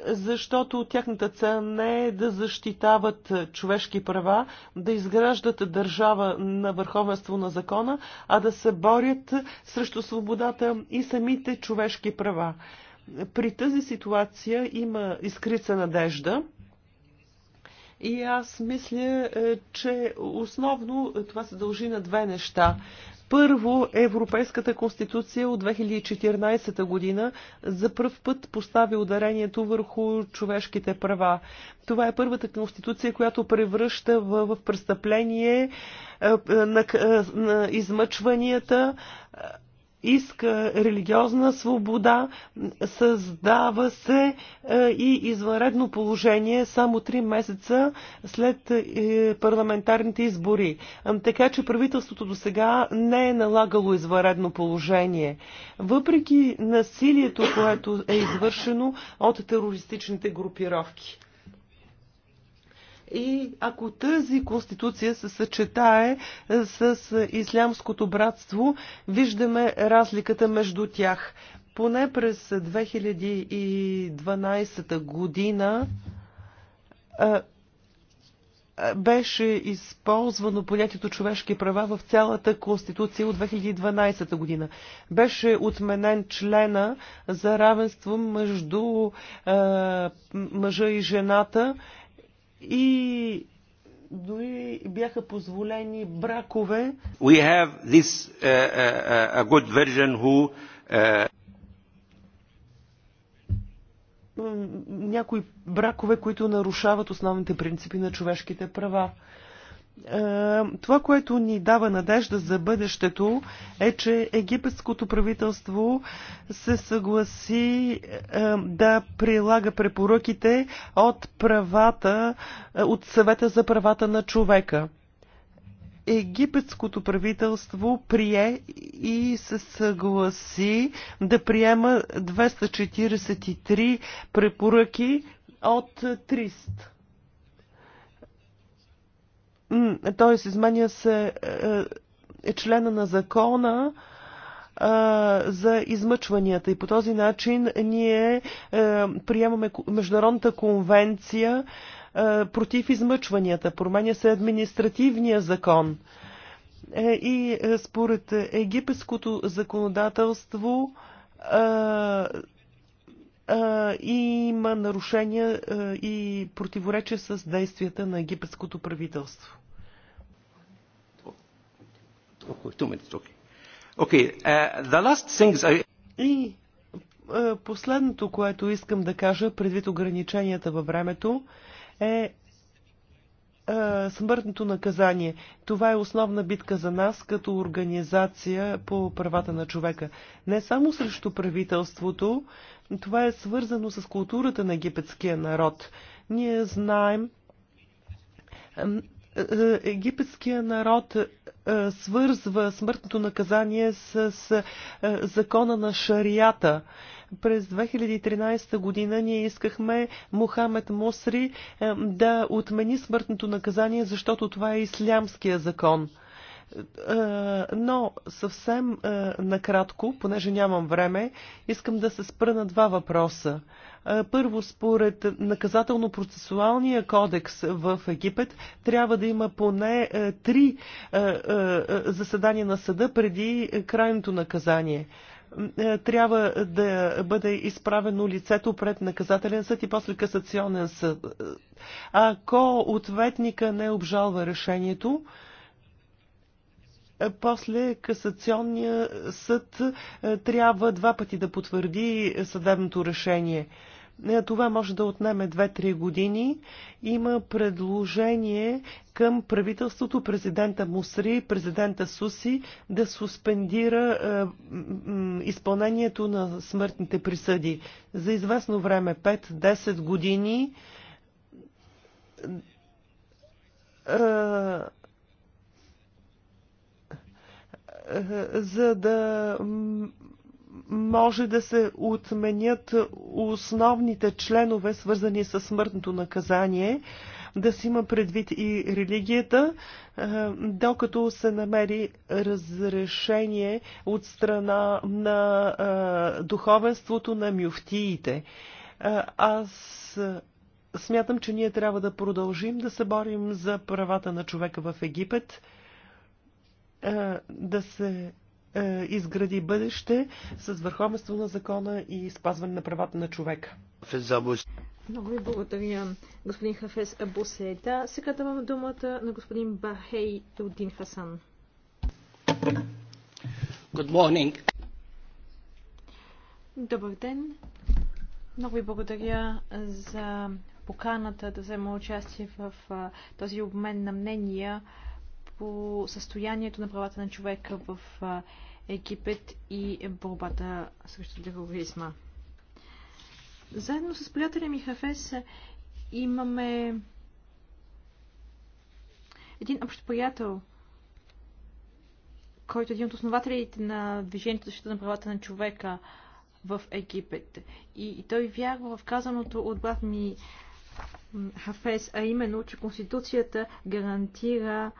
защото тяхната цел не е да защитават човешки права, да изграждат държава на върховенство на закона, а да се борят срещу свободата и самите човешки права. При тази ситуация има изкрица надежда. И аз мисля, е, че основно това се дължи на две неща. Първо, Европейската конституция от 2014 година за първ път постави ударението върху човешките права. Това е първата конституция, която превръща в, в престъпление е, е, на, е, на измъчванията, иска религиозна свобода, създава се е, и извънредно положение само три месеца след е, парламентарните избори. Е, така че правителството до сега не е налагало извънредно положение. Въпреки насилието, което е извършено от терористичните групировки. И ако тази конституция се съчетае е, с е, ислямското братство, виждаме разликата между тях. Поне през 2012 година е, беше използвано понятието човешки права в цялата Конституция от 2012 година. Беше отменен члена за равенство между е, мъжа и жената и дори бяха позволени бракове. We have this uh, uh, a good version who uh... някои бракове, които нарушават основните принципи на човешките права. Uh, е, това, което ни дава надежда за бъдещето, е, че египетското правителство се съгласи е, да прилага препоръките от правата, е, от съвета за правата на човека. Египетското правителство прие и се съгласи да приема 243 препоръки от 300 т.е. изменя се е, е, е члена на закона за измъчванията и по този начин ние е, приемаме Международната конвенция против измъчванията. Променя се административния закон. И според египетското законодателство и има нарушения и противоречия с действията на египетското правителство. Two minutes, okay. Okay, uh, the last things I... И uh, последното, което искам да кажа, предвид ограниченията във времето, е, е смъртното наказание. Това е основна битка за нас като организация по правата на човека. Не само срещу правителството, това е свързано с културата на египетския народ. Ние знаем е, египетския народ е, свързва смъртното наказание с е, закона на шарията. През 2013 година ние искахме Мохамед Мусри да отмени смъртното наказание, защото това е ислямския закон. Е, но съвсем е, накратко, понеже нямам време, искам да се спра на два въпроса. Е, първо, според наказателно-процесуалния кодекс в Египет, трябва да има поне три заседания на съда преди крайното наказание трябва да бъде изправено лицето пред наказателен съд и после касационен съд. Ако ответника не обжалва решението, после касационния съд е, трябва два пъти да потвърди съдебното решение. Е, това може да отнеме 2-3 години. Има предложение към правителството, президента Мусри, президента Суси да суспендира е, изпълнението на смъртните присъди. За известно време, 5-10 години, е, за да може да се отменят основните членове, свързани с смъртното наказание, да се има предвид и религията, докато се намери разрешение от страна на духовенството на мюфтиите. Аз смятам, че ние трябва да продължим да се борим за правата на човека в Египет да се изгради бъдеще с върховенство на закона и спазване на правата на човека. Много ви благодаря, господин Хафес Абусейда. Сега давам думата на господин Бахей Тудин Хасан. Good morning. Добър ден. Много ви благодаря за поканата да взема участие в този обмен на мнения по състоянието на правата на човека в Египет и борбата срещу тероризма. Заедно с приятеля ми Хафес имаме един общ приятел, който е един от основателите на Движението за защита на правата на човека в Египет. И, и той вярва в казаното от брат ми Хафес, а именно, че Конституцията гарантира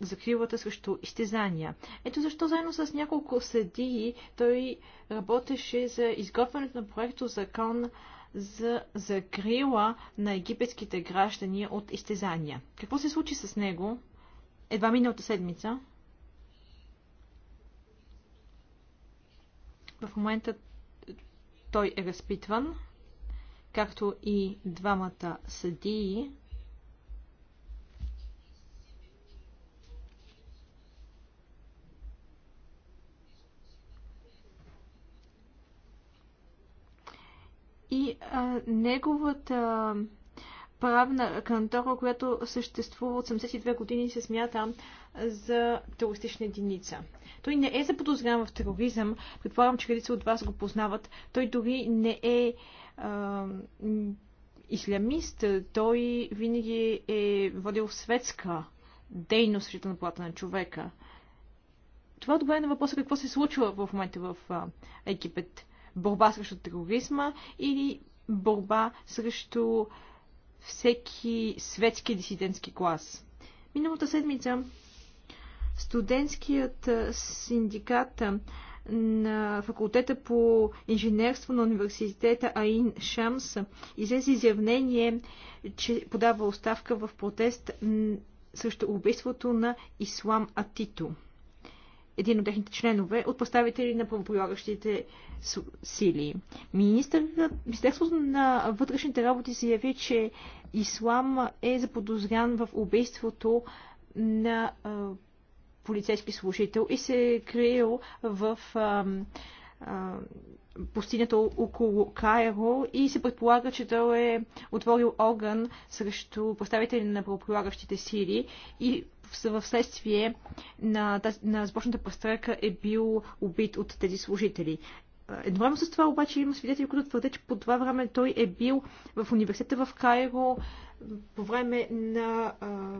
закрилата срещу изтезания. Ето защо заедно с няколко съдии той работеше за изготвянето на проекто закон за закрила на египетските граждани от изтезания. Какво се случи с него? Едва миналата седмица. В момента той е разпитван, както и двамата съдии, и а, неговата правна кантора, която съществува от 72 години се смята за терористична единица. Той не е заподозрян в тероризъм, предполагам, че редица от вас го познават. Той дори не е а, ислямист, той винаги е водил светска дейност в на плата на човека. Това отговаря на въпроса какво се случва в момента в Египет борба срещу тероризма или борба срещу всеки светски дисидентски клас. Миналата седмица студентският синдикат на факултета по инженерство на университета Аин Шамс излезе изявление, че подава оставка в протест срещу убийството на Ислам Атито един от техните членове от представители на правополагащите сили. Министърът, Министерството на вътрешните работи заяви, че Ислам е заподозрян в убийството на а, полицейски служител и се е криел в а, а, пустинята около Кайро и се предполага, че той е отворил огън срещу представители на правополагащите сили и в следствие на, на сбочната престрелка е бил убит от тези служители. Едновременно с това обаче има свидетели, които твърдят, че по това време той е бил в университета в Кайро по време на а,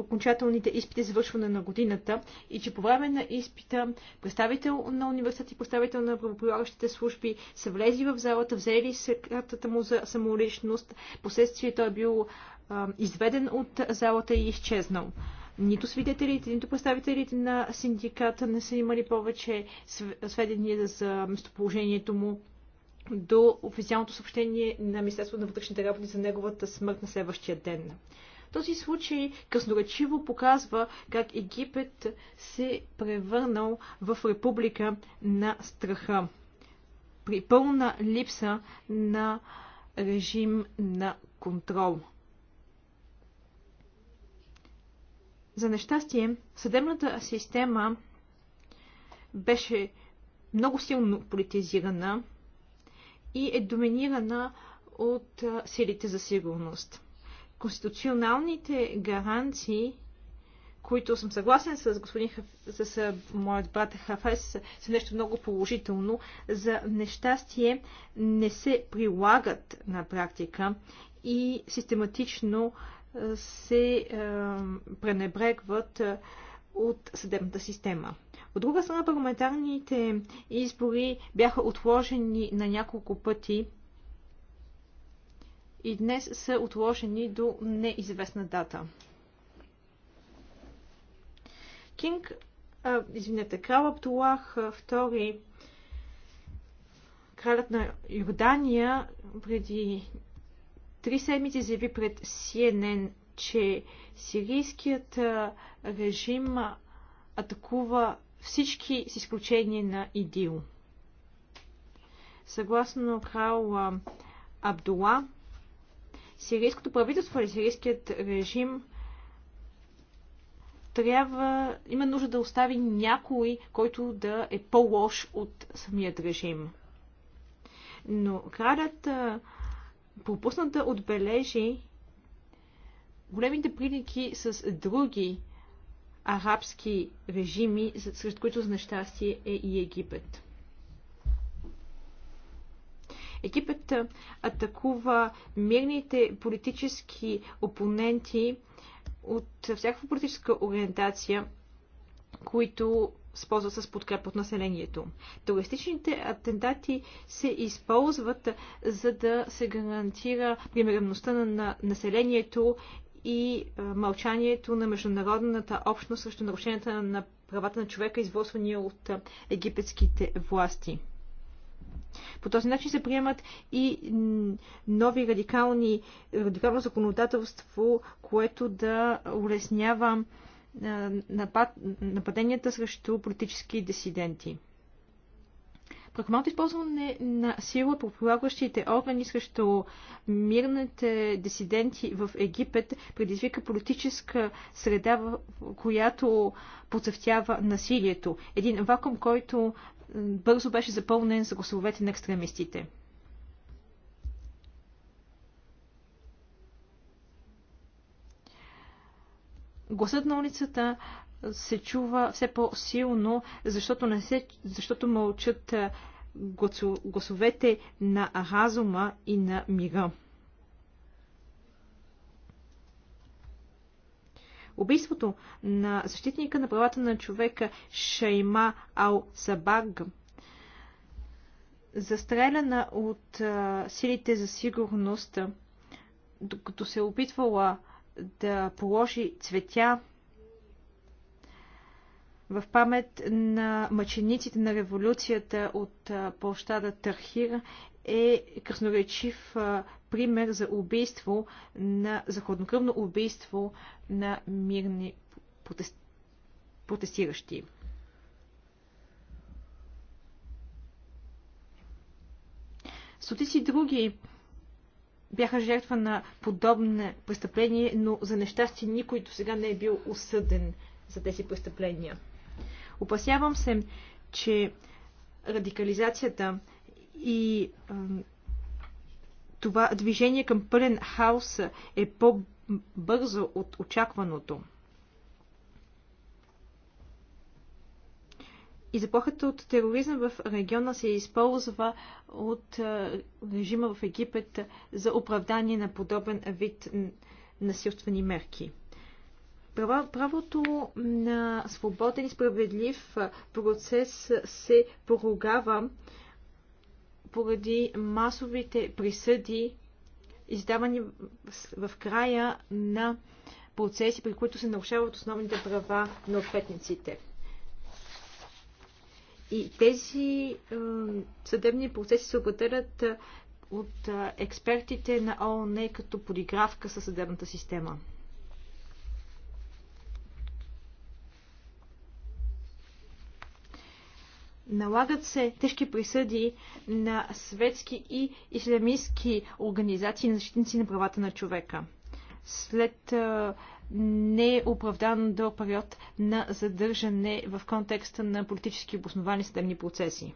окончателните изпити за вършване на годината и че по време на изпита представител на университет и представител на правоприлагащите служби са влезли в залата, взели картата му за самоличност, последствие той е бил а, изведен от залата и изчезнал. Нито свидетелите, нито представителите на синдиката не са имали повече сведения за местоположението му до официалното съобщение на Министерството на вътрешните работи за неговата смърт на следващия ден. Този случай красноречиво показва как Египет се превърнал в република на страха при пълна липса на режим на контрол. За нещастие, съдебната система беше много силно политизирана и е доминирана от силите за сигурност конституционалните гаранции, които съм съгласен с господин с, с моят брат Хафес, са нещо много положително, за нещастие не се прилагат на практика и систематично се е, пренебрегват от съдебната система. От друга страна, парламентарните избори бяха отложени на няколко пъти и днес са отложени до неизвестна дата. Кинг, а, извинете, крал Абдулах II, кралят на Йордания, преди три седмици заяви пред CNN, че сирийският режим атакува всички с изключение на ИДИЛ. Съгласно крал Абдула, сирийското правителство или сирийският режим трябва, има нужда да остави някой, който да е по-лош от самият режим. Но кралят пропусна да отбележи големите прилики с други арабски режими, сред които за нещастие е и Египет. Египет атакува мирните политически опоненти от всякаква политическа ориентация, които използват с подкреп от населението. Терористичните атентати се използват за да се гарантира примерността на населението и мълчанието на международната общност срещу нарушенията на правата на човека, извършвани от египетските власти. По този начин се приемат и нови радикални, радикално законодателство, което да улеснява напад, нападенията срещу политически дисиденти. Прагмалното използване на сила по прилагащите органи срещу мирните дисиденти в Египет предизвика политическа среда, в която процъфтява насилието. Един вакуум, който бързо беше запълнен с гласовете на екстремистите. Гласът на улицата се чува все по-силно, защото, не се, защото мълчат гласовете на разума и на мира. убийството на защитника на правата на човека Шайма Ал Сабаг, застреляна от а, силите за сигурност, докато се е опитвала да положи цветя в памет на мъчениците на революцията от площада Тархира е красноречив пример за убийство, на, заходнокръвно убийство на мирни протестиращи. Стотици други бяха жертва на подобно престъпление, но за нещастие никой до сега не е бил осъден за тези престъпления. Опасявам се, че радикализацията и това движение към пълен хаос е по-бързо от очакваното. И заплахата от тероризъм в региона се използва от режима в Египет за оправдание на подобен вид насилствени мерки. Правото на свободен и справедлив процес се поругава поради масовите присъди, издавани в края на процеси, при които се нарушават основните права на ответниците. И тези е, съдебни процеси се определят е, от е, експертите на ООН като подигравка със съдебната система. Налагат се тежки присъди на светски и ислямистски организации на защитници на правата на човека. След неоправдан дълъг период на задържане в контекста на политически обосновани съдебни процеси.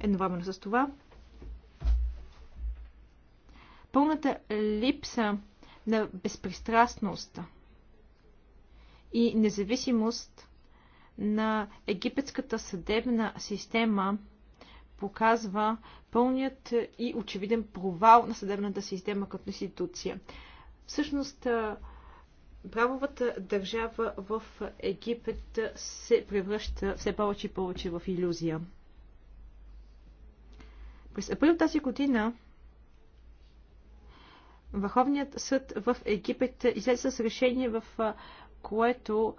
Едновременно с това, пълната липса на безпристрастност и независимост на египетската съдебна система показва пълният и очевиден провал на съдебната система като институция. Всъщност, правовата държава в Египет се превръща все повече и повече в иллюзия. През април тази година Върховният съд в Египет излезе с решение, в което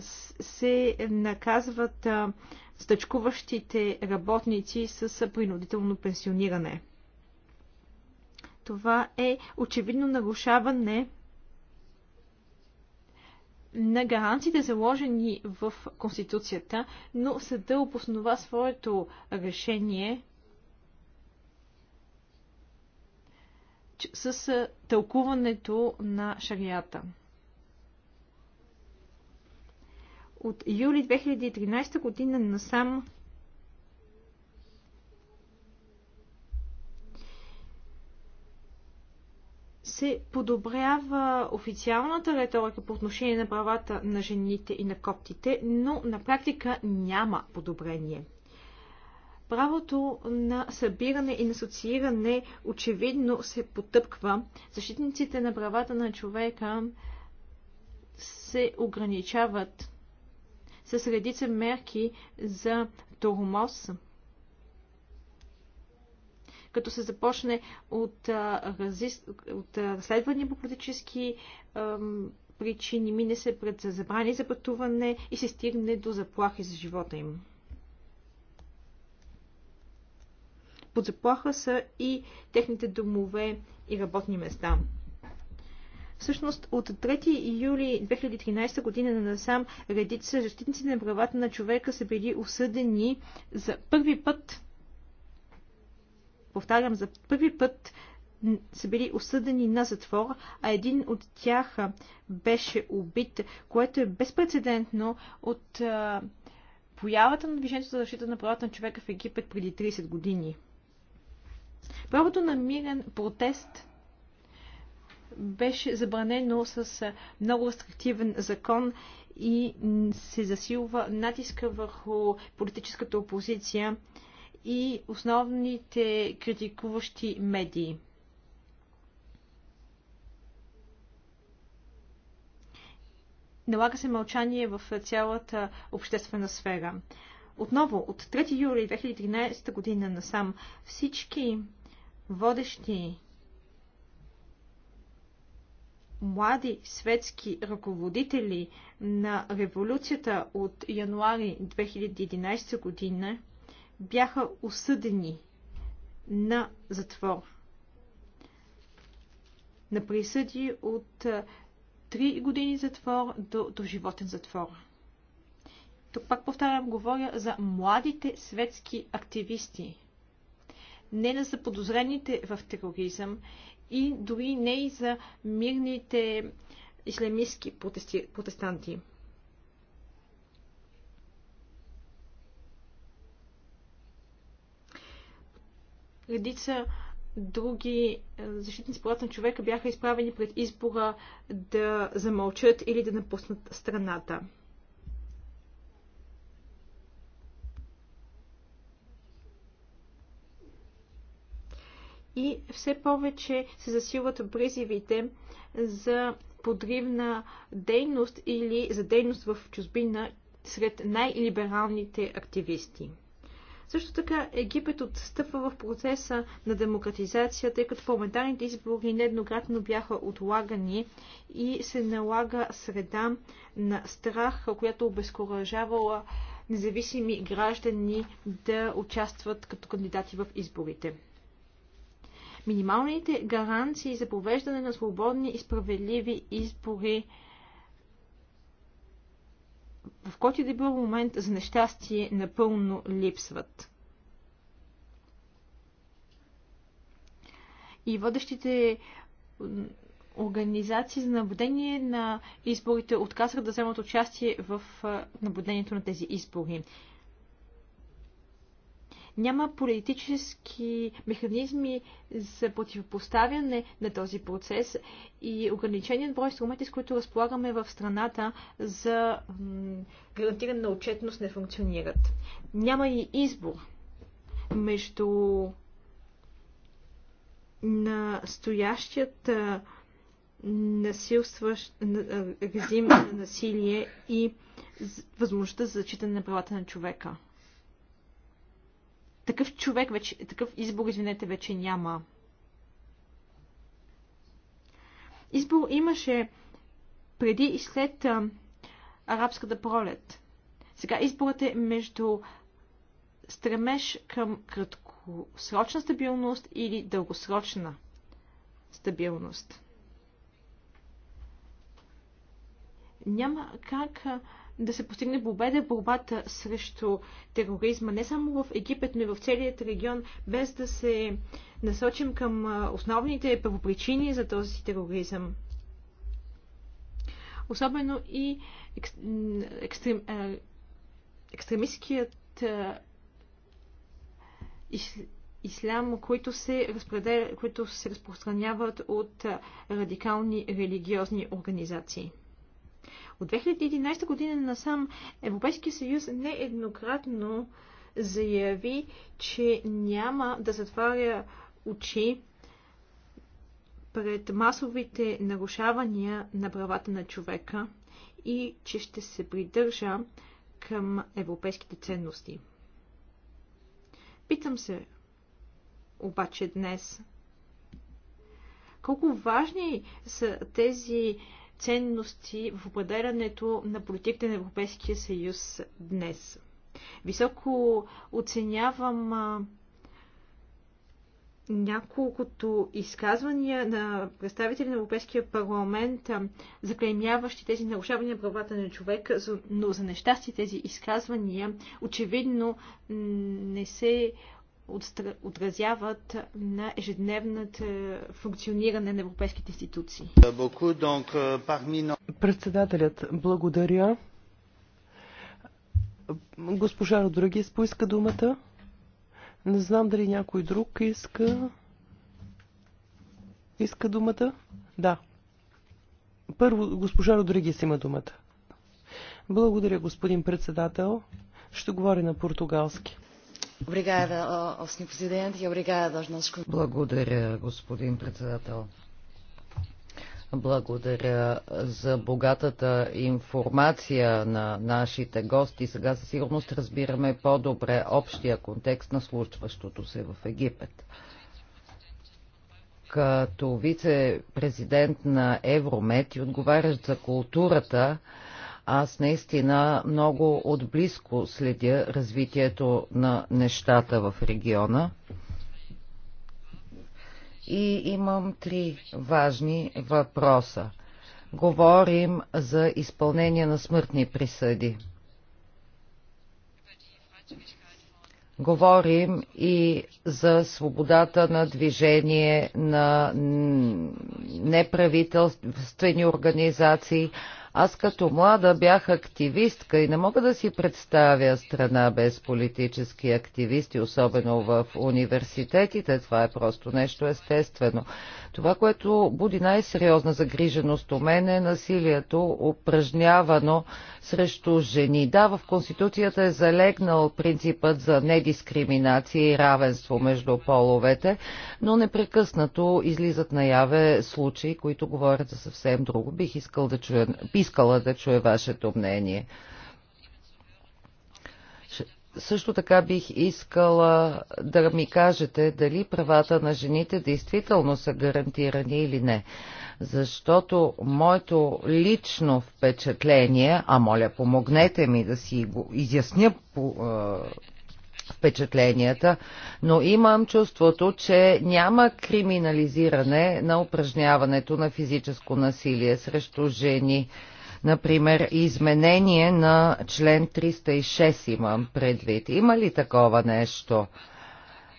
се наказват стъчкуващите работници с принудително пенсиониране. Това е очевидно нарушаване на гаранциите заложени в Конституцията, но съда обоснова своето решение с тълкуването на шарията. От юли 2013 година насам се подобрява официалната риторика по отношение на правата на жените и на коптите, но на практика няма подобрение. Правото на събиране и на асоцииране очевидно се потъпква. Защитниците на правата на човека се ограничават с редица мерки за тормоз, като се започне от, от разследвания по политически ем, причини, мине се пред забрани за пътуване и се стигне до заплахи за живота им. Под заплаха са и техните домове и работни места. Всъщност от 3 юли 2013 година на насам редица защитници на правата на човека са били осъдени за първи път, повтарям, за първи път са били осъдени на затвор, а един от тях беше убит, което е безпредседентно от а, появата на Движението за защита на правата на човека в Египет преди 30 години. Правото на мирен протест беше забранено с много рестриктивен закон и се засилва натиска върху политическата опозиция и основните критикуващи медии. Налага се мълчание в цялата обществена сфера. Отново, от 3 юли 2013 година насам всички водещи млади светски ръководители на революцията от януари 2011 година бяха осъдени на затвор. На присъди от 3 години затвор до, до животен затвор. Тук пак повтарям, говоря за младите светски активисти. Не на заподозрените в тероризъм и дори не и за мирните ислямистски протестанти. Редица други е, защитници правата на човека бяха изправени пред избора да замълчат или да напуснат страната. и все повече се засилват призивите за подривна дейност или за дейност в чужбина сред най-либералните активисти. Също така Египет отстъпва в процеса на демократизация, тъй като парламентарните избори нееднократно бяха отлагани и се налага среда на страх, която обезкуражавала независими граждани да участват като кандидати в изборите минималните гаранции за провеждане на свободни и справедливи избори в който и да било момент за нещастие напълно липсват. И водещите организации за наблюдение на изборите отказаха да вземат участие в наблюдението на тези избори. Няма политически механизми за противопоставяне на този процес и ограниченият брой инструменти, с които разполагаме в страната за гарантиране на отчетност не функционират. Няма и избор между настоящият насилстващ режим на насилие и възможността за зачитане на правата на човека такъв човек вече, такъв избор, извинете, вече няма. Избор имаше преди и след а, арабската пролет. Сега изборът е между стремеж към краткосрочна стабилност или дългосрочна стабилност. Няма как да се постигне победа е борбата срещу тероризма не само в Египет, но и в целият регион, без да се насочим към основните първопричини за този тероризъм. Особено и екстрем, екстремистският ислям, които се, които се разпространяват от радикални религиозни организации. От 2011 година насам Европейския съюз нееднократно заяви, че няма да затваря очи пред масовите нарушавания на правата на човека и че ще се придържа към европейските ценности. Питам се обаче днес, колко важни са тези ценности в определянето на политиката на Европейския съюз днес. Високо оценявам няколкото изказвания на представители на Европейския парламент, заклеймяващи тези нарушавания на правата на човека, но за нещастие тези изказвания очевидно не се отразяват на ежедневната функциониране на европейските институции. Euh, Председателят, благодаря. Госпожа Родрагис поиска думата. Не знам дали някой друг иска. Иска думата? Да. Първо, госпожа Родригес има думата. Благодаря, господин председател. Ще говоря на португалски. E Благодаря, господин председател. Благодаря за богатата информация на нашите гости. Сега със сигурност разбираме по-добре общия контекст на случващото се в Египет. Като вице-президент на Евромет и отговарящ за културата, аз наистина много отблизко следя развитието на нещата в региона и имам три важни въпроса. Говорим за изпълнение на смъртни присъди. Говорим и за свободата на движение на неправителствени организации, аз като млада бях активистка и не мога да си представя страна без политически активисти, особено в университетите. Това е просто нещо естествено. Това, което буди най-сериозна загриженост у мен е насилието, упражнявано срещу жени. Да, в Конституцията е залегнал принципът за недискриминация и равенство между половете, но непрекъснато излизат наяве случаи, които говорят за съвсем друго. Бих искал да чуя, искала да чуя вашето мнение също така бих искала да ми кажете дали правата на жените действително са гарантирани или не. Защото моето лично впечатление, а моля помогнете ми да си го изясня по, е, впечатленията, но имам чувството, че няма криминализиране на упражняването на физическо насилие срещу жени. Е, Например, изменение на член 306 имам предвид. Има ли такова нещо?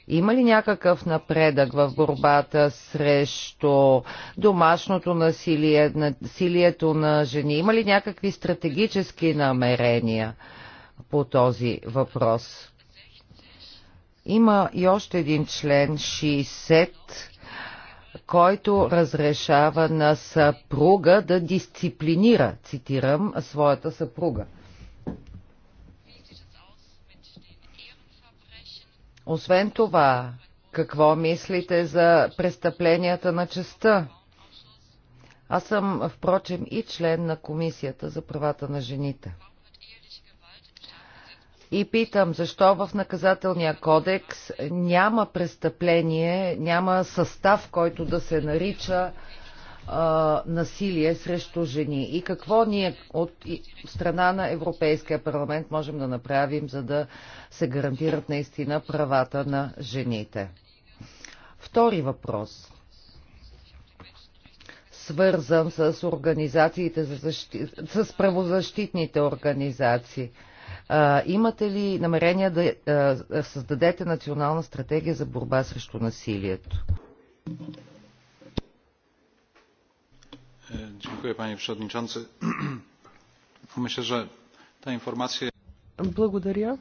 Има ли някакъв напредък в борбата срещу домашното насилие, насилието на жени? Има ли някакви стратегически намерения по този въпрос? Има и още един член 60 който разрешава на съпруга да дисциплинира, цитирам, своята съпруга. Освен това, какво мислите за престъпленията на честа? Аз съм, впрочем, и член на Комисията за правата на жените. И питам, защо в наказателния кодекс няма престъпление, няма състав, който да се нарича а, насилие срещу жени и какво ние от страна на Европейския парламент можем да направим, за да се гарантират наистина правата на жените. Втори въпрос свързан с, организациите за защит... с правозащитните организации – а, имате ли намерение да а, създадете национална стратегия за борба срещу насилието? Е, Dziękuję panie przewodniczący. Мисля, че ta информация... Благодаря.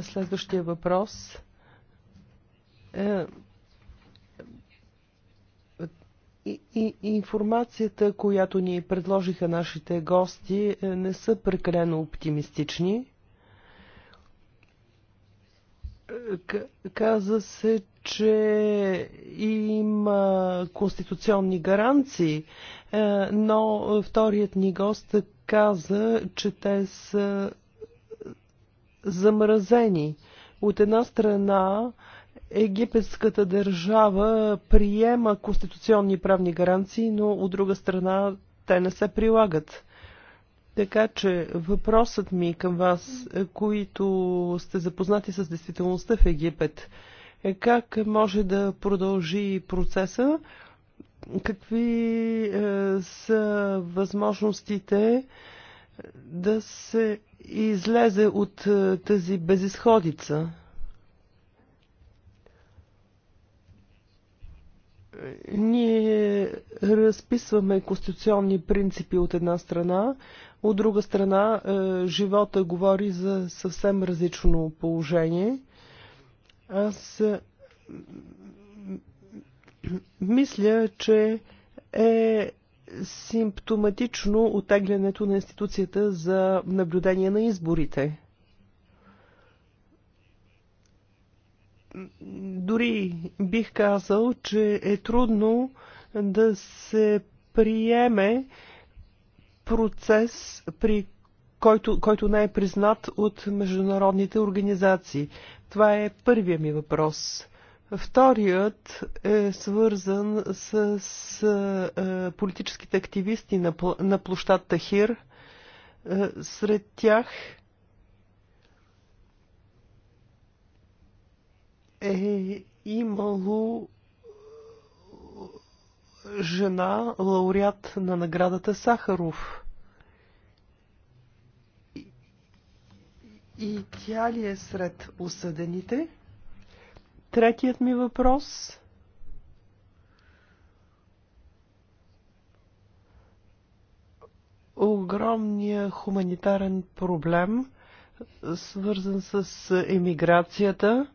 Следващия въпрос е и информацията, която ни предложиха нашите гости, е, не са прекалено оптимистични. Е, каза се, че има конституционни гаранции, е, но вторият ни гост каза, че те са замразени. От една страна, египетската държава приема конституционни правни гаранции, но от друга страна те не се прилагат. Така че въпросът ми към вас, е, които сте запознати с действителността в Египет, е как може да продължи процеса, какви е, са възможностите е, да се излезе от е, тази безисходица? Ние разписваме конституционни принципи от една страна, от друга страна е, живота говори за съвсем различно положение. Аз е, мисля, че е симптоматично отеглянето на институцията за наблюдение на изборите. Дори бих казал, че е трудно да се приеме процес, при който, който не е признат от международните организации. Това е първия ми въпрос. Вторият е свързан с, с е, политическите активисти на, на площад Тахир. Е, сред тях е имало е, жена, лауреат на наградата Сахаров. И, и тя ли е сред осъдените? Третият ми въпрос. Огромният хуманитарен проблем, свързан с емиграцията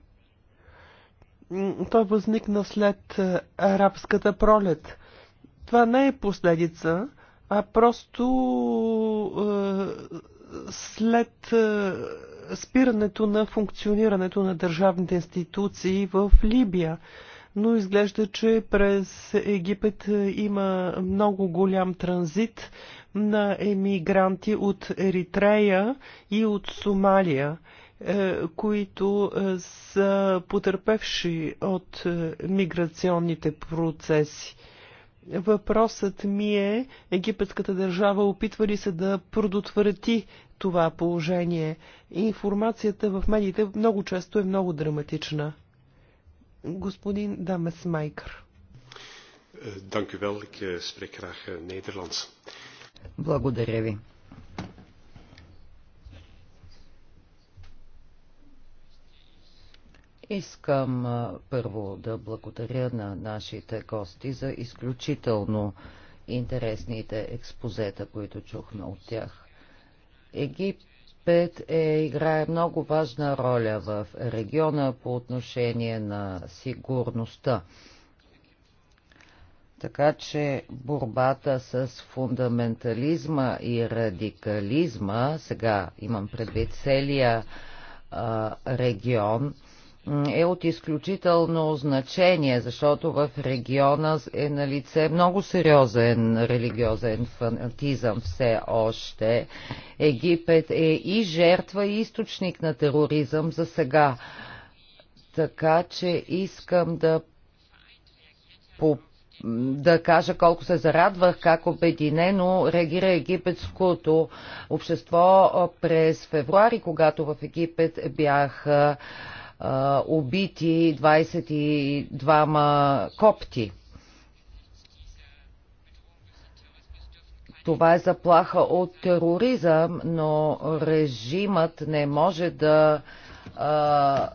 той възникна след е, арабската пролет. Това не е последица, а просто е, след е, спирането на функционирането на държавните институции в Либия но изглежда, че през Египет има много голям транзит на емигранти от Еритрея и от Сомалия, е, които е, са потърпевши от е, миграционните процеси. Въпросът ми е, египетската държава опитва ли се да предотврати това положение? Информацията в медиите много често е много драматична господин Дамес Майкър. Dank u wel. Ik eh, spreek graag eh, Nederlands. Благодаря ви. Искам първо да благодаря на нашите гости за изключително интересните експозета, които чухме от тях. Египет ПЕТ е, играе много важна роля в региона по отношение на сигурността. Така че борбата с фундаментализма и радикализма, сега имам предвид целия а, регион, е от изключително значение, защото в региона е на лице много сериозен религиозен фанатизъм все още. Египет е и жертва, и източник на тероризъм за сега. Така че искам да по да кажа колко се зарадвах, как обединено реагира египетското общество през февруари, когато в Египет бяха а, убити 22 копти. Това е заплаха от тероризъм, но режимът не може да а,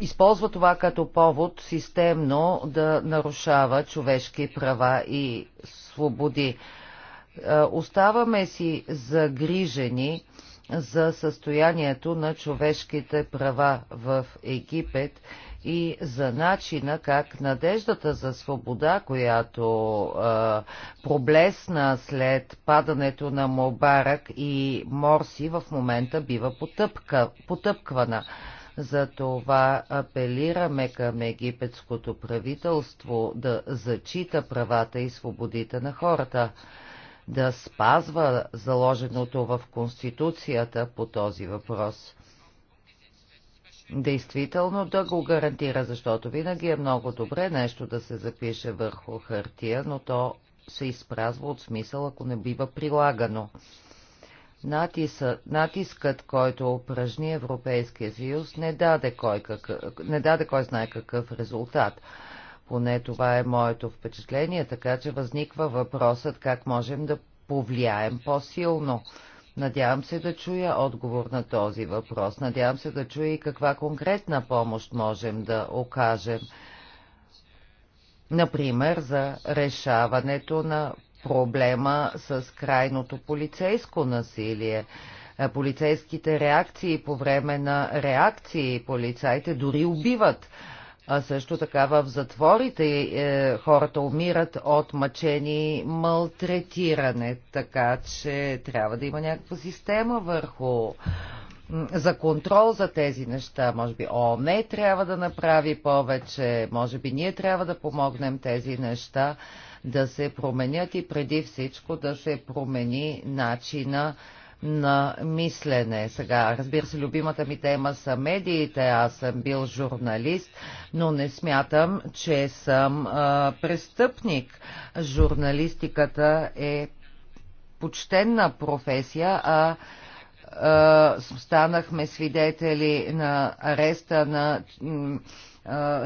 използва това като повод системно да нарушава човешки права и свободи. А, оставаме си загрижени а, за състоянието на човешките права в Египет и за начина как надеждата за свобода, която е, проблесна след падането на Мобарак и Морси в момента бива потъпка, потъпквана. Затова апелираме към египетското правителство да зачита правата и свободите на хората да спазва заложеното в Конституцията по този въпрос. Действително да го гарантира, защото винаги е много добре нещо да се запише върху хартия, но то се изпразва от смисъл, ако не бива прилагано. натискът, който упражни Европейския съюз, не даде кой, какъв, не даде кой знае какъв резултат. Поне това е моето впечатление, така че възниква въпросът как можем да повлияем по-силно. Надявам се да чуя отговор на този въпрос. Надявам се да чуя и каква конкретна помощ можем да окажем. Например, за решаването на проблема с крайното полицейско насилие. Е, полицейските реакции по време на реакции полицайите дори убиват а също така в затворите е, хората умират от мъчени мълтретиране, така че трябва да има някаква система върху за контрол за тези неща. Може би ООН трябва да направи повече, може би ние трябва да помогнем тези неща да се променят и преди всичко да се промени начина на мислене. Сега, разбира се, любимата ми тема са медиите. Аз съм бил журналист, но не смятам, че съм а, престъпник. Журналистиката е почтенна професия, а станахме свидетели на ареста на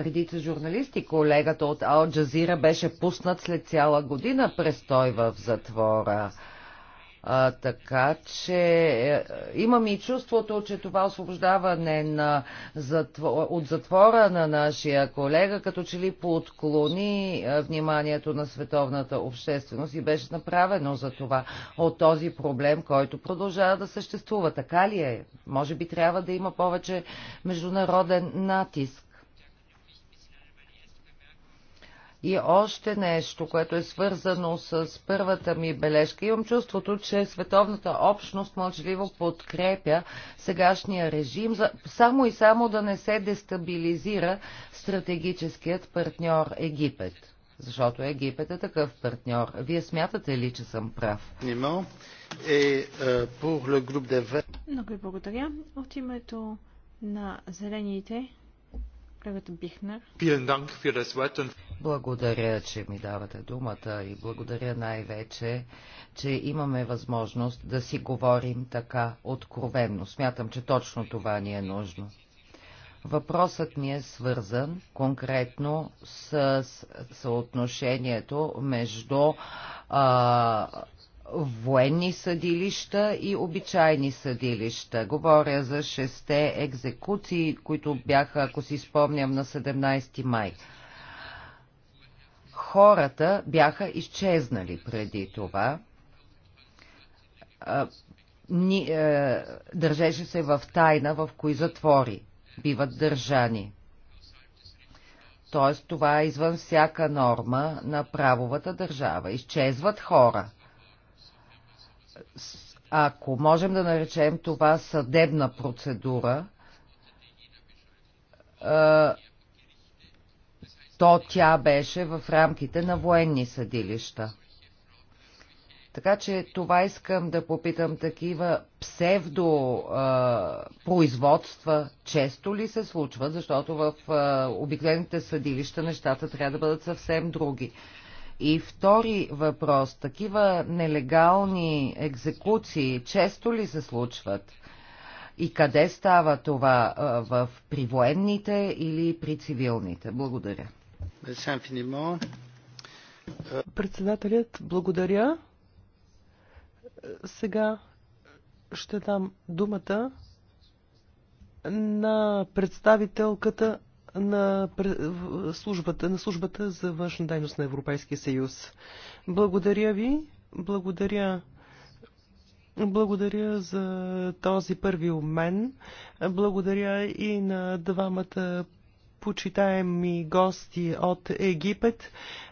редица журналисти. Колегата от Ал Джазира беше пуснат след цяла година престой в затвора. А, така че е, имам и чувството, че това освобождаване на затвор, от затвора на нашия колега като че ли подклони е, вниманието на световната общественост и беше направено за това от този проблем, който продължава да съществува. Така ли е? Може би трябва да има повече международен натиск. И още нещо, което е свързано с първата ми бележка. Имам чувството, че световната общност мълчаливо подкрепя сегашния режим, за, само и само да не се дестабилизира стратегическият партньор Египет. Защото Египет е такъв партньор. Вие смятате ли, че съм прав? Е, е, Много ви благодаря. От името на зелените благодаря, че ми давате думата и благодаря най-вече, че имаме възможност да си говорим така откровенно. Смятам, че точно това ни е нужно. Въпросът ми е свързан конкретно с съотношението между а, военни съдилища и обичайни съдилища. Говоря за шесте екзекуции, които бяха, ако си спомням, на 17 май. Хората бяха изчезнали преди това. Е, държеше се в тайна в кои затвори биват държани. Тоест това е извън всяка норма на правовата държава. Изчезват хора – ако можем да наречем това съдебна процедура, то тя беше в рамките на военни съдилища. Така че това искам да попитам такива псевдопроизводства често ли се случват, защото в обикновените съдилища нещата трябва да бъдат съвсем други. И втори въпрос, такива нелегални екзекуции често ли се случват? И къде става това? В привоенните или при цивилните? Благодаря. Председателят, благодаря. Сега ще дам думата на представителката на службата, на службата за външна дейност на Европейския съюз. Благодаря ви. Благодаря. Благодаря за този първи обмен. Благодаря и на двамата почитаеми гости от Египет.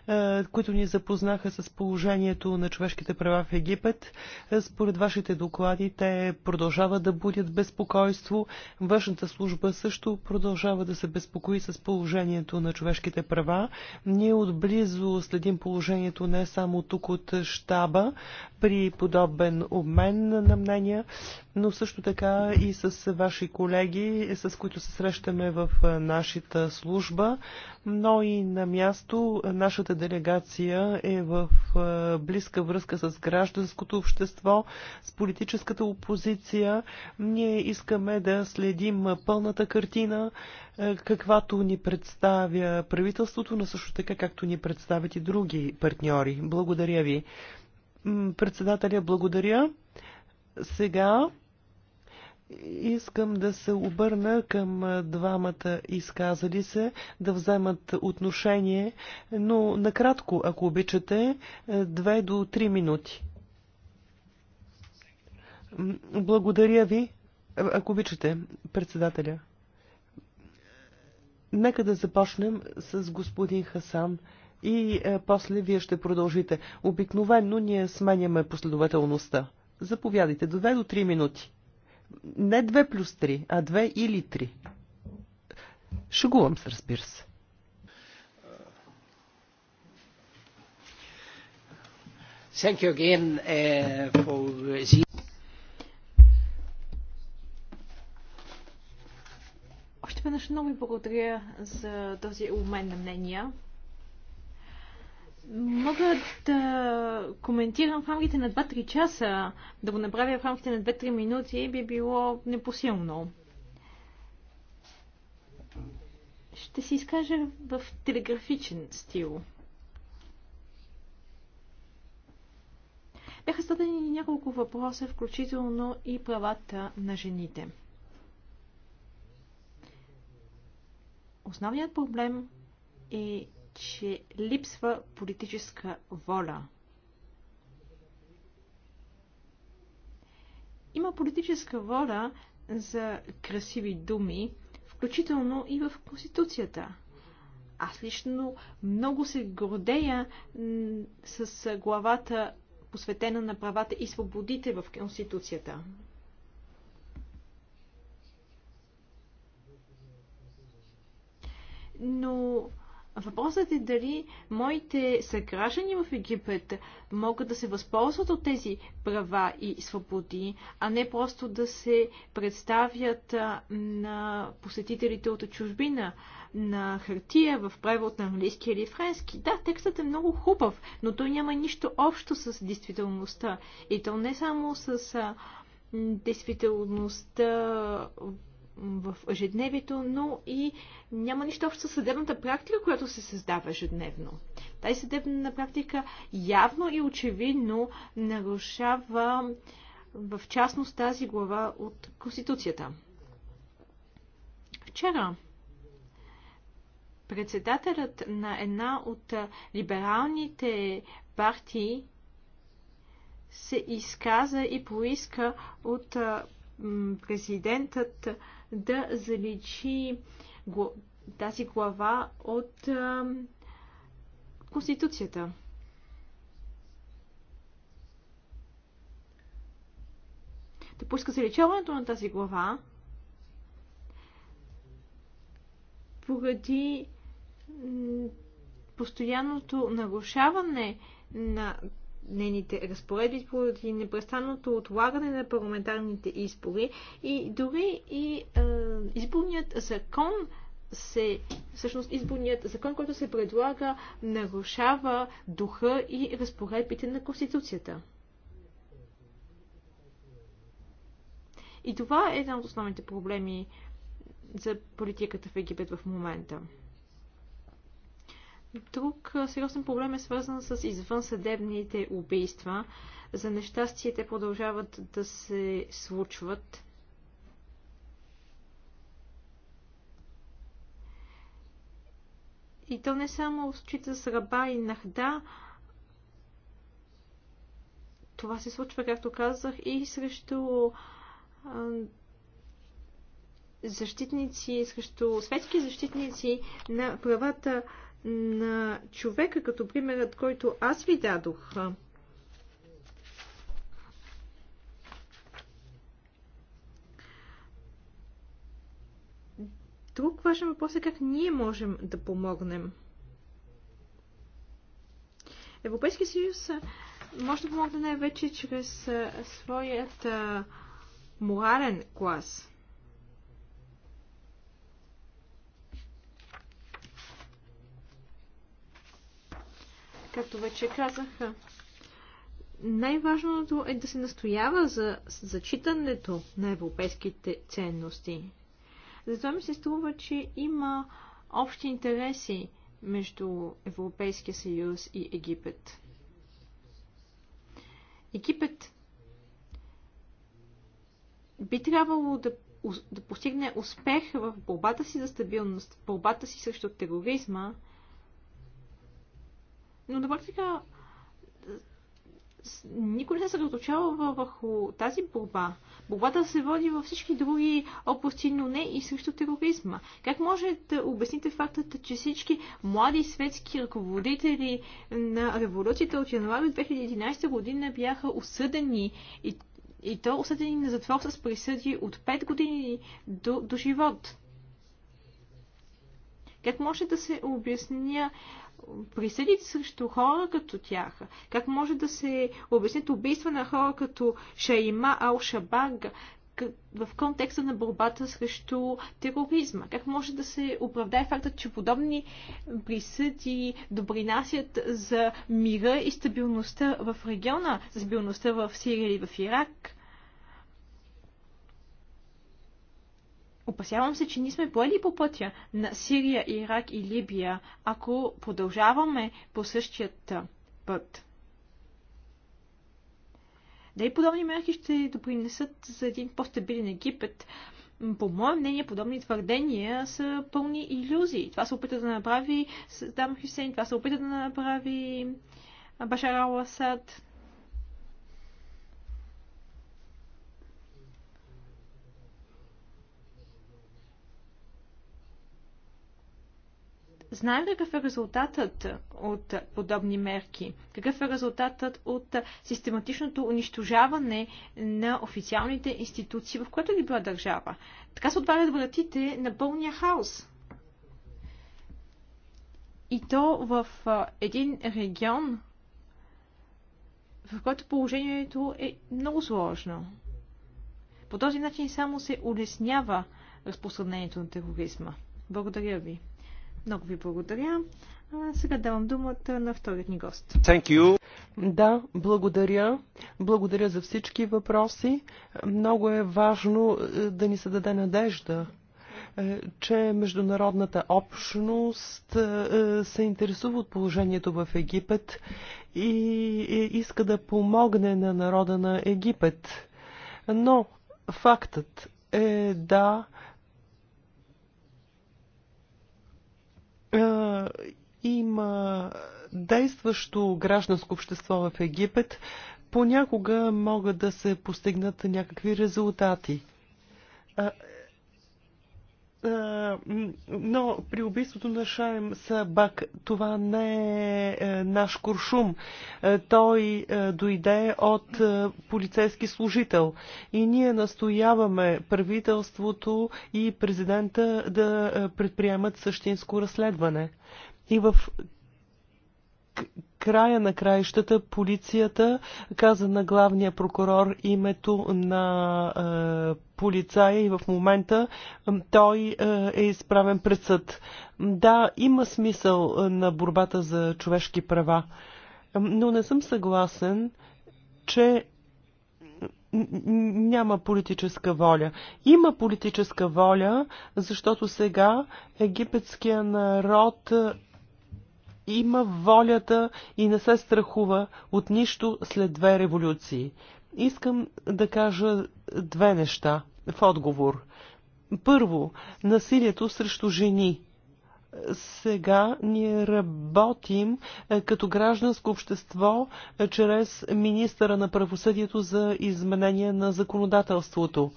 Е, които ни запознаха с положението на човешките права в Египет. Е, според вашите доклади те продължават да будят безпокойство. Външната служба също продължава да се безпокои с положението на човешките права. Ние отблизо следим положението не само тук от щаба при подобен обмен на мнения, но също така и с ваши колеги, с които се срещаме в нашата служба, но и на място нашата делегация е в близка връзка с гражданското общество, с политическата опозиция. Ние искаме да следим пълната картина, каквато ни представя правителството, но също така както ни представят и други партньори. Благодаря ви. Председателя, благодаря. Сега Искам да се обърна към двамата изказали се, да вземат отношение, но накратко, ако обичате, е, две до три минути. Благодаря ви, ако обичате, председателя. Нека да започнем с господин Хасан и е, после вие ще продължите. Обикновено ние сменяме последователността. Заповядайте до две до три минути не 2 плюс 3, а 2 или 3. Шегувам се, разбира се. Thank you again uh, for the... Още веднъж много ви благодаря за този обмен на мнения. Мога да коментирам в рамките на 2-3 часа, да го направя в рамките на 2-3 минути би било непосилно. Ще се изкажа в телеграфичен стил. Бяха зададени няколко въпроса, включително и правата на жените. Основният проблем е че липсва политическа воля. Има политическа воля за красиви думи, включително и в Конституцията. Аз лично много се гордея с главата, посветена на правата и свободите в Конституцията. Но Въпросът е дали моите съграждани в Египет могат да се възползват от тези права и свободи, а не просто да се представят на посетителите от чужбина на хартия в превод на английски или френски. Да, текстът е много хубав, но той няма нищо общо с действителността. И то не само с действителността в ежедневието, но и няма нищо общо с съдебната практика, която се създава ежедневно. Тази съдебна практика явно и очевидно нарушава в частност тази глава от Конституцията. Вчера председателят на една от либералните партии се изказа и поиска от президентът да заличи тази глава от Конституцията. да поиска заличаването на тази глава, поради постоянното нарушаване на нените разпоредби поради непрестанното отлагане на парламентарните избори и дори и е, изборният закон се, всъщност изборният закон, който се предлага, нарушава духа и разпоредбите на Конституцията. И това е един от основните проблеми за политиката в Египет в момента. Друг сериозен проблем е свързан с извънсъдебните убийства. За нещастие те продължават да се случват. И то не само случаите с раба и нахда, това се случва, както казах, и срещу защитници, срещу светски защитници на правата на човека, като примерът, който аз ви дадох. Друг важен въпрос е как ние можем да помогнем. Европейския съюз може да помогне най-вече чрез своят морален клас. Както вече казах, най-важното е да се настоява за зачитането на европейските ценности. Затова ми се струва, че има общи интереси между Европейския съюз и Египет. Египет би трябвало да, да постигне успех в борбата си за стабилност, борбата си срещу тероризма но на практика никой не се е съсредоточава върху тази борба. Борбата се води във всички други области, но не и срещу тероризма. Как може да обясните факта, че всички млади светски ръководители на революцията от януари 2011 година бяха осъдени и, и то осъдени на затвор с присъди от 5 години до, до живот? Как може да се обясня присъдите срещу хора като тях? Как може да се обяснят убийства на хора като Шаима Ал-Шабаг в контекста на борбата срещу тероризма? Как може да се оправдае фактът, че подобни присъди допринасят за мира и стабилността в региона, стабилността в Сирия или в Ирак? Опасявам се, че ние сме поели по пътя на Сирия, Ирак и Либия, ако продължаваме по същият път. Дали подобни мерки ще допринесат за един по-стабилен Египет? По мое мнение, подобни твърдения са пълни иллюзии. Това се опита да направи Сдам Хюсейн, това се опита да направи Башар Ал-Асад. Знаем какъв е резултатът от подобни мерки, какъв е резултатът от систематичното унищожаване на официалните институции, в която ги била държава. Така се отварят вратите на пълния хаос. И то в един регион, в който положението е много сложно. По този начин само се улеснява разпространението на тероризма. Благодаря ви. Много ви благодаря. Сега давам думата на вторият ни гост. Thank you. Да, благодаря. Благодаря за всички въпроси. Много е важно е, да ни се даде надежда, е, че международната общност е, се интересува от положението в Египет и иска да помогне на народа на Египет. Но фактът е да, Е, има действащо гражданско общество в Египет, понякога могат да се постигнат някакви резултати. Е, е, но при убийството на Шаем Сабак това не е, е наш куршум. Е, той дойде от полицейски служител. И ние настояваме правителството и президента да предприемат същинско разследване. И в края на краищата полицията каза на главния прокурор името на е, полицая и в момента той е, е изправен пред съд. Да, има смисъл е, на борбата за човешки права, но не съм съгласен, че няма политическа воля. Има политическа воля, защото сега египетския народ е, има волята и не се страхува от нищо след две революции. Искам да кажа две неща в отговор. Първо, насилието срещу жени. Сега ние работим е, като гражданско общество е, чрез министъра на правосъдието за изменение на законодателството.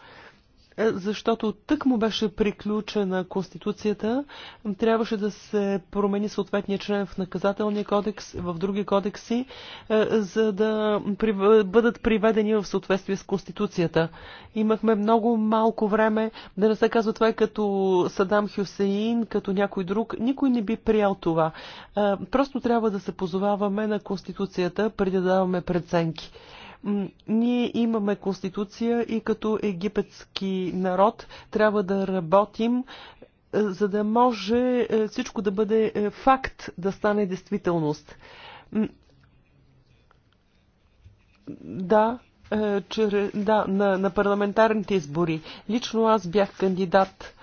Е, защото тък му беше приключена Конституцията, трябваше да се промени съответния член в наказателния кодекс, в други кодекси, е, за да бъдат приведени в съответствие с Конституцията. Имахме много малко време да не се казва това е като Садам Хюсеин, като някой друг. Никой не би приял това. Е, просто трябва да се позоваваме на Конституцията преди да даваме преценки. Ние имаме конституция и като египетски народ трябва да работим е, за да може е, всичко да бъде е, факт, да стане действителност. Да, че, да на, на парламентарните избори. Лично аз бях кандидат.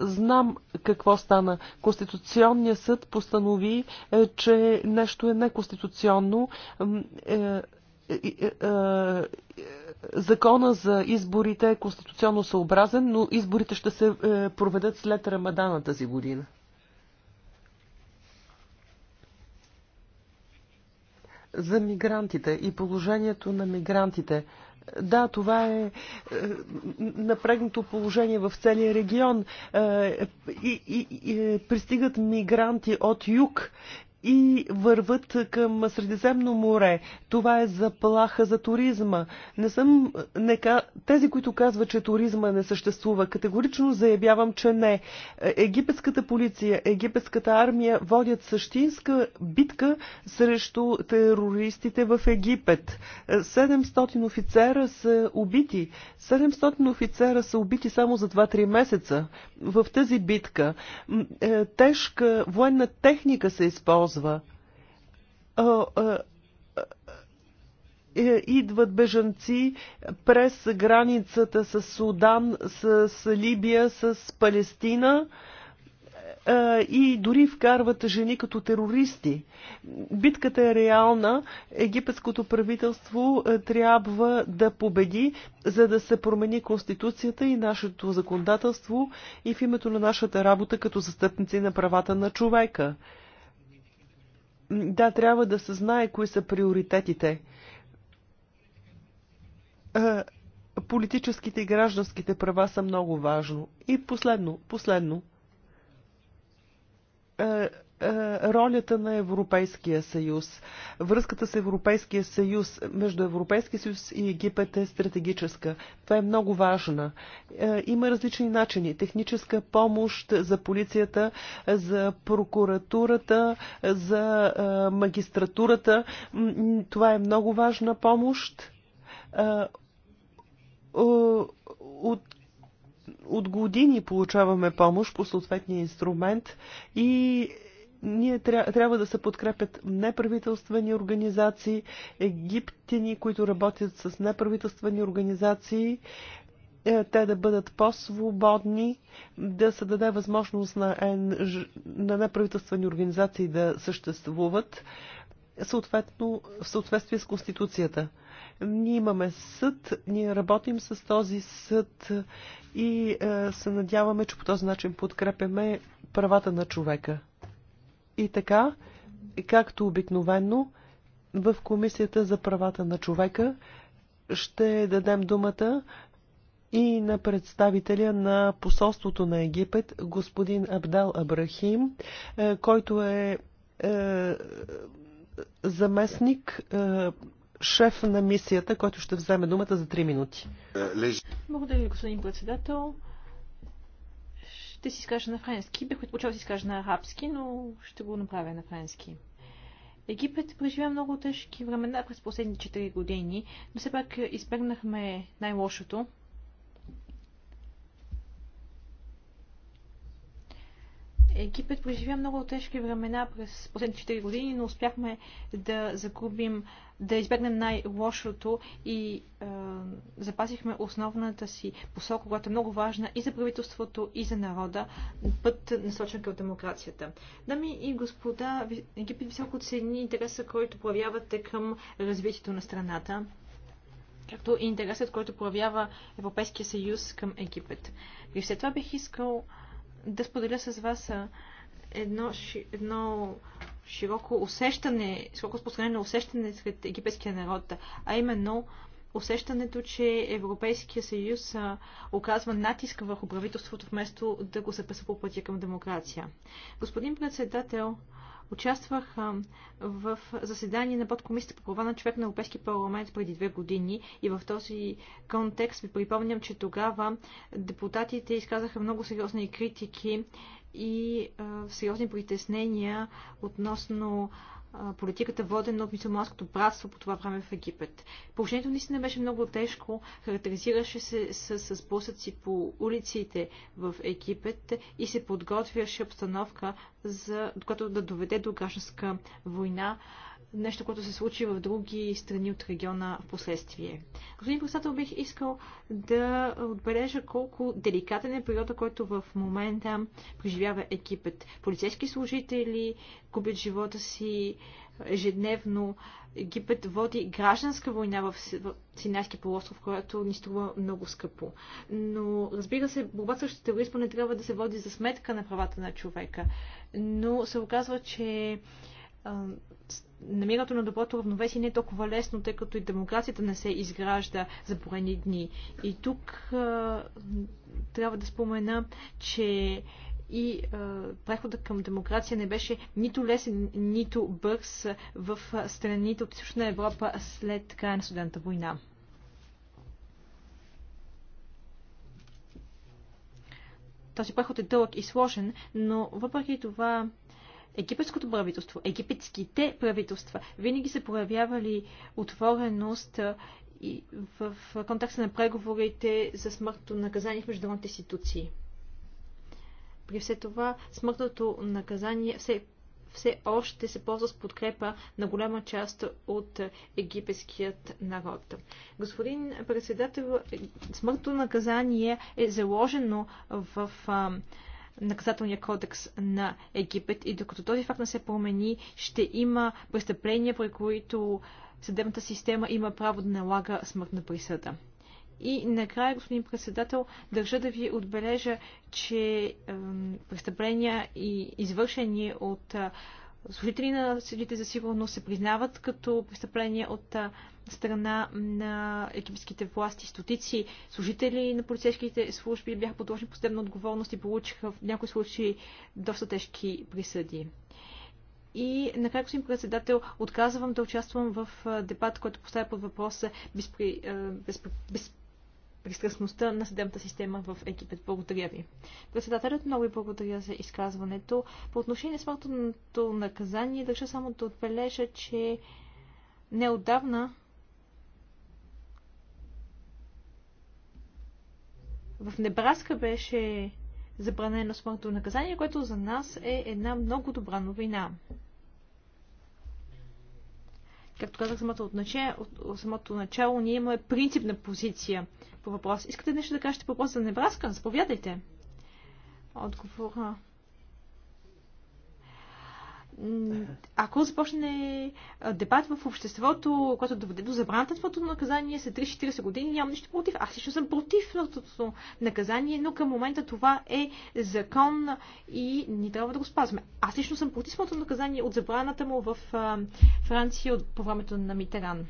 Знам какво стана. Конституционният съд постанови, че нещо е неконституционно е, закона за изборите е конституционно съобразен, но изборите ще се е, проведат след Рамадана тази година. За мигрантите и положението на мигрантите. Да, това е, е напрегнато положение в целия регион. И, и, и пристигат мигранти от юг и върват към Средиземно море. Това е заплаха за туризма. Не съм, нека, тези, които казват, че туризма не съществува, категорично заявявам, че не. Египетската полиция, египетската армия водят същинска битка срещу терористите в Египет. 700 офицера са убити. 700 офицера са убити само за 2-3 месеца в тази битка. Е, тежка военна техника се използва а, е, Идват бежанци през границата с Судан, с Либия, с Палестина е, и дори вкарват жени като терористи. Битката е реална. Египетското правителство е, трябва да победи, за да се промени конституцията и нашето законодателство и в името на нашата работа като застъпници на правата на човека. Да, трябва да се знае кои са приоритетите. Политическите и гражданските права са много важно. И последно, последно. Е, ролята на Европейския съюз. Връзката с Европейския съюз, между Европейския съюз и Египет е стратегическа. Това е много важна. Е, има различни начини. Техническа помощ за полицията, за прокуратурата, за е, магистратурата. Това е много важна помощ. От от години получаваме помощ по съответния инструмент и ние тря, трябва да се подкрепят неправителствени организации, египтяни, които работят с неправителствени организации, е, те да бъдат по-свободни, да се даде възможност на, на неправителствени организации да съществуват съответно в съответствие с Конституцията. Ние имаме съд, ние работим с този съд и е, се надяваме, че по този начин подкрепяме правата на човека. И така, както обикновено, в Комисията за правата на човека ще дадем думата и на представителя на посолството на Египет, господин Абдал Абрахим, е, който е, е заместник, е, шеф на мисията, който ще вземе думата за 3 минути. Е, Благодаря ви, господин председател ще си изкажа на френски. Бих предпочел да си изкажа на арабски, но ще го направя на френски. Египет преживя много тежки времена през последните 4 години, но все пак избегнахме най-лошото. Египет преживя много тежки времена през последните 4 години, но успяхме да загубим, да избегнем най-лошото и е, запазихме основната си посока, която е много важна и за правителството, и за народа, път насочен към демокрацията. Дами и господа, Египет високо цени интереса, който проявявате към развитието на страната както и интересът, който проявява Европейския съюз към Египет. И след това бих искал да споделя с вас едно, едно широко усещане, широко разпространено усещане сред египетския народ, а именно усещането, че Европейския съюз оказва натиск върху правителството, вместо да го запеса по пътя към демокрация. Господин председател, Участвах в заседание на подкомисията по права на човек на Европейския парламент преди две години и в този контекст ви припомням, че тогава депутатите изказаха много сериозни критики и сериозни притеснения относно политиката водена от мисулманското братство по това време в Египет. Положението наистина беше много тежко, характеризираше се с, с сблъсъци по улиците в Египет и се подготвяше обстановка, за, която да доведе до гражданска война нещо, което се случи в други страни от региона в последствие. Господин председател, бих искал да отбележа колко деликатен е периода, който в момента преживява екипът. Полицейски служители губят живота си ежедневно. Египет води гражданска война в Синайски полуостров, която ни струва много скъпо. Но разбира се, борбата срещу тероризма не трябва да се води за сметка на правата на човека. Но се оказва, че намирането на доброто равновесие не е толкова лесно, тъй като и демокрацията не се изгражда за порени дни. И тук а, трябва да спомена, че и а, преходът към демокрация не беше нито лесен, нито бърз в страните от Източна Европа след края на студента война. Този преход е дълъг и сложен, но въпреки това египетското правителство, египетските правителства винаги са проявявали отвореност и в контекста на преговорите за смъртното наказание в международните институции. При все това смъртното наказание все, все още се ползва с подкрепа на голяма част от египетският народ. Господин председател, смъртното наказание е заложено в наказателния кодекс на Египет и докато този факт не се промени, ще има престъпления, при които съдебната система има право да налага смъртна присъда. И накрая, господин председател, държа да ви отбележа, че е, престъпления и извършени от е, служители на силите за сигурност се признават като престъпление от страна на египетските власти. Стотици служители на полицейските служби бяха подложени по съдебна отговорност и получиха в някои случаи доста тежки присъди. И накрая, господин председател, отказвам да участвам в дебат, който поставя под въпроса безпри... без... без пристрастността на съдебната система в Египет. Благодаря ви. Председателят много ви благодаря за изказването. По отношение на смъртното наказание, държа само да отбележа, че неодавна в Небраска беше забранено смъртно наказание, което за нас е една много добра новина. Както казах самото от, от, от самото начало, ние имаме принципна позиция по въпрос. Искате нещо да кажете по въпроса за Небраска? Заповядайте. Отговора ако започне дебат в обществото, което доведе до забраната на твърдото наказание след 3-40 години, нямам нищо против. Аз лично съм против твърдото наказание, но към момента това е закон и ни трябва да го спазваме. Аз лично съм против смъртното наказание от забраната му в Франция по времето на Митеран.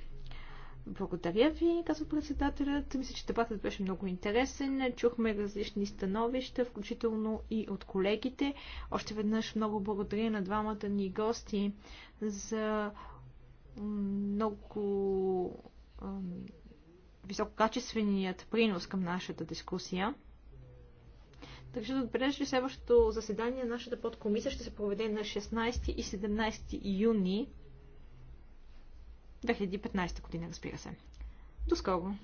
Благодаря ви, казва председателят. Мисля, че дебатът беше много интересен. Чухме различни становища, включително и от колегите. Още веднъж много благодаря на двамата ни гости за много висококачественият принос към нашата дискусия. Държа да отбележа, че следващото заседание на нашата подкомисия ще се проведе на 16 и 17 юни 2015 година, разбира се. До скоро!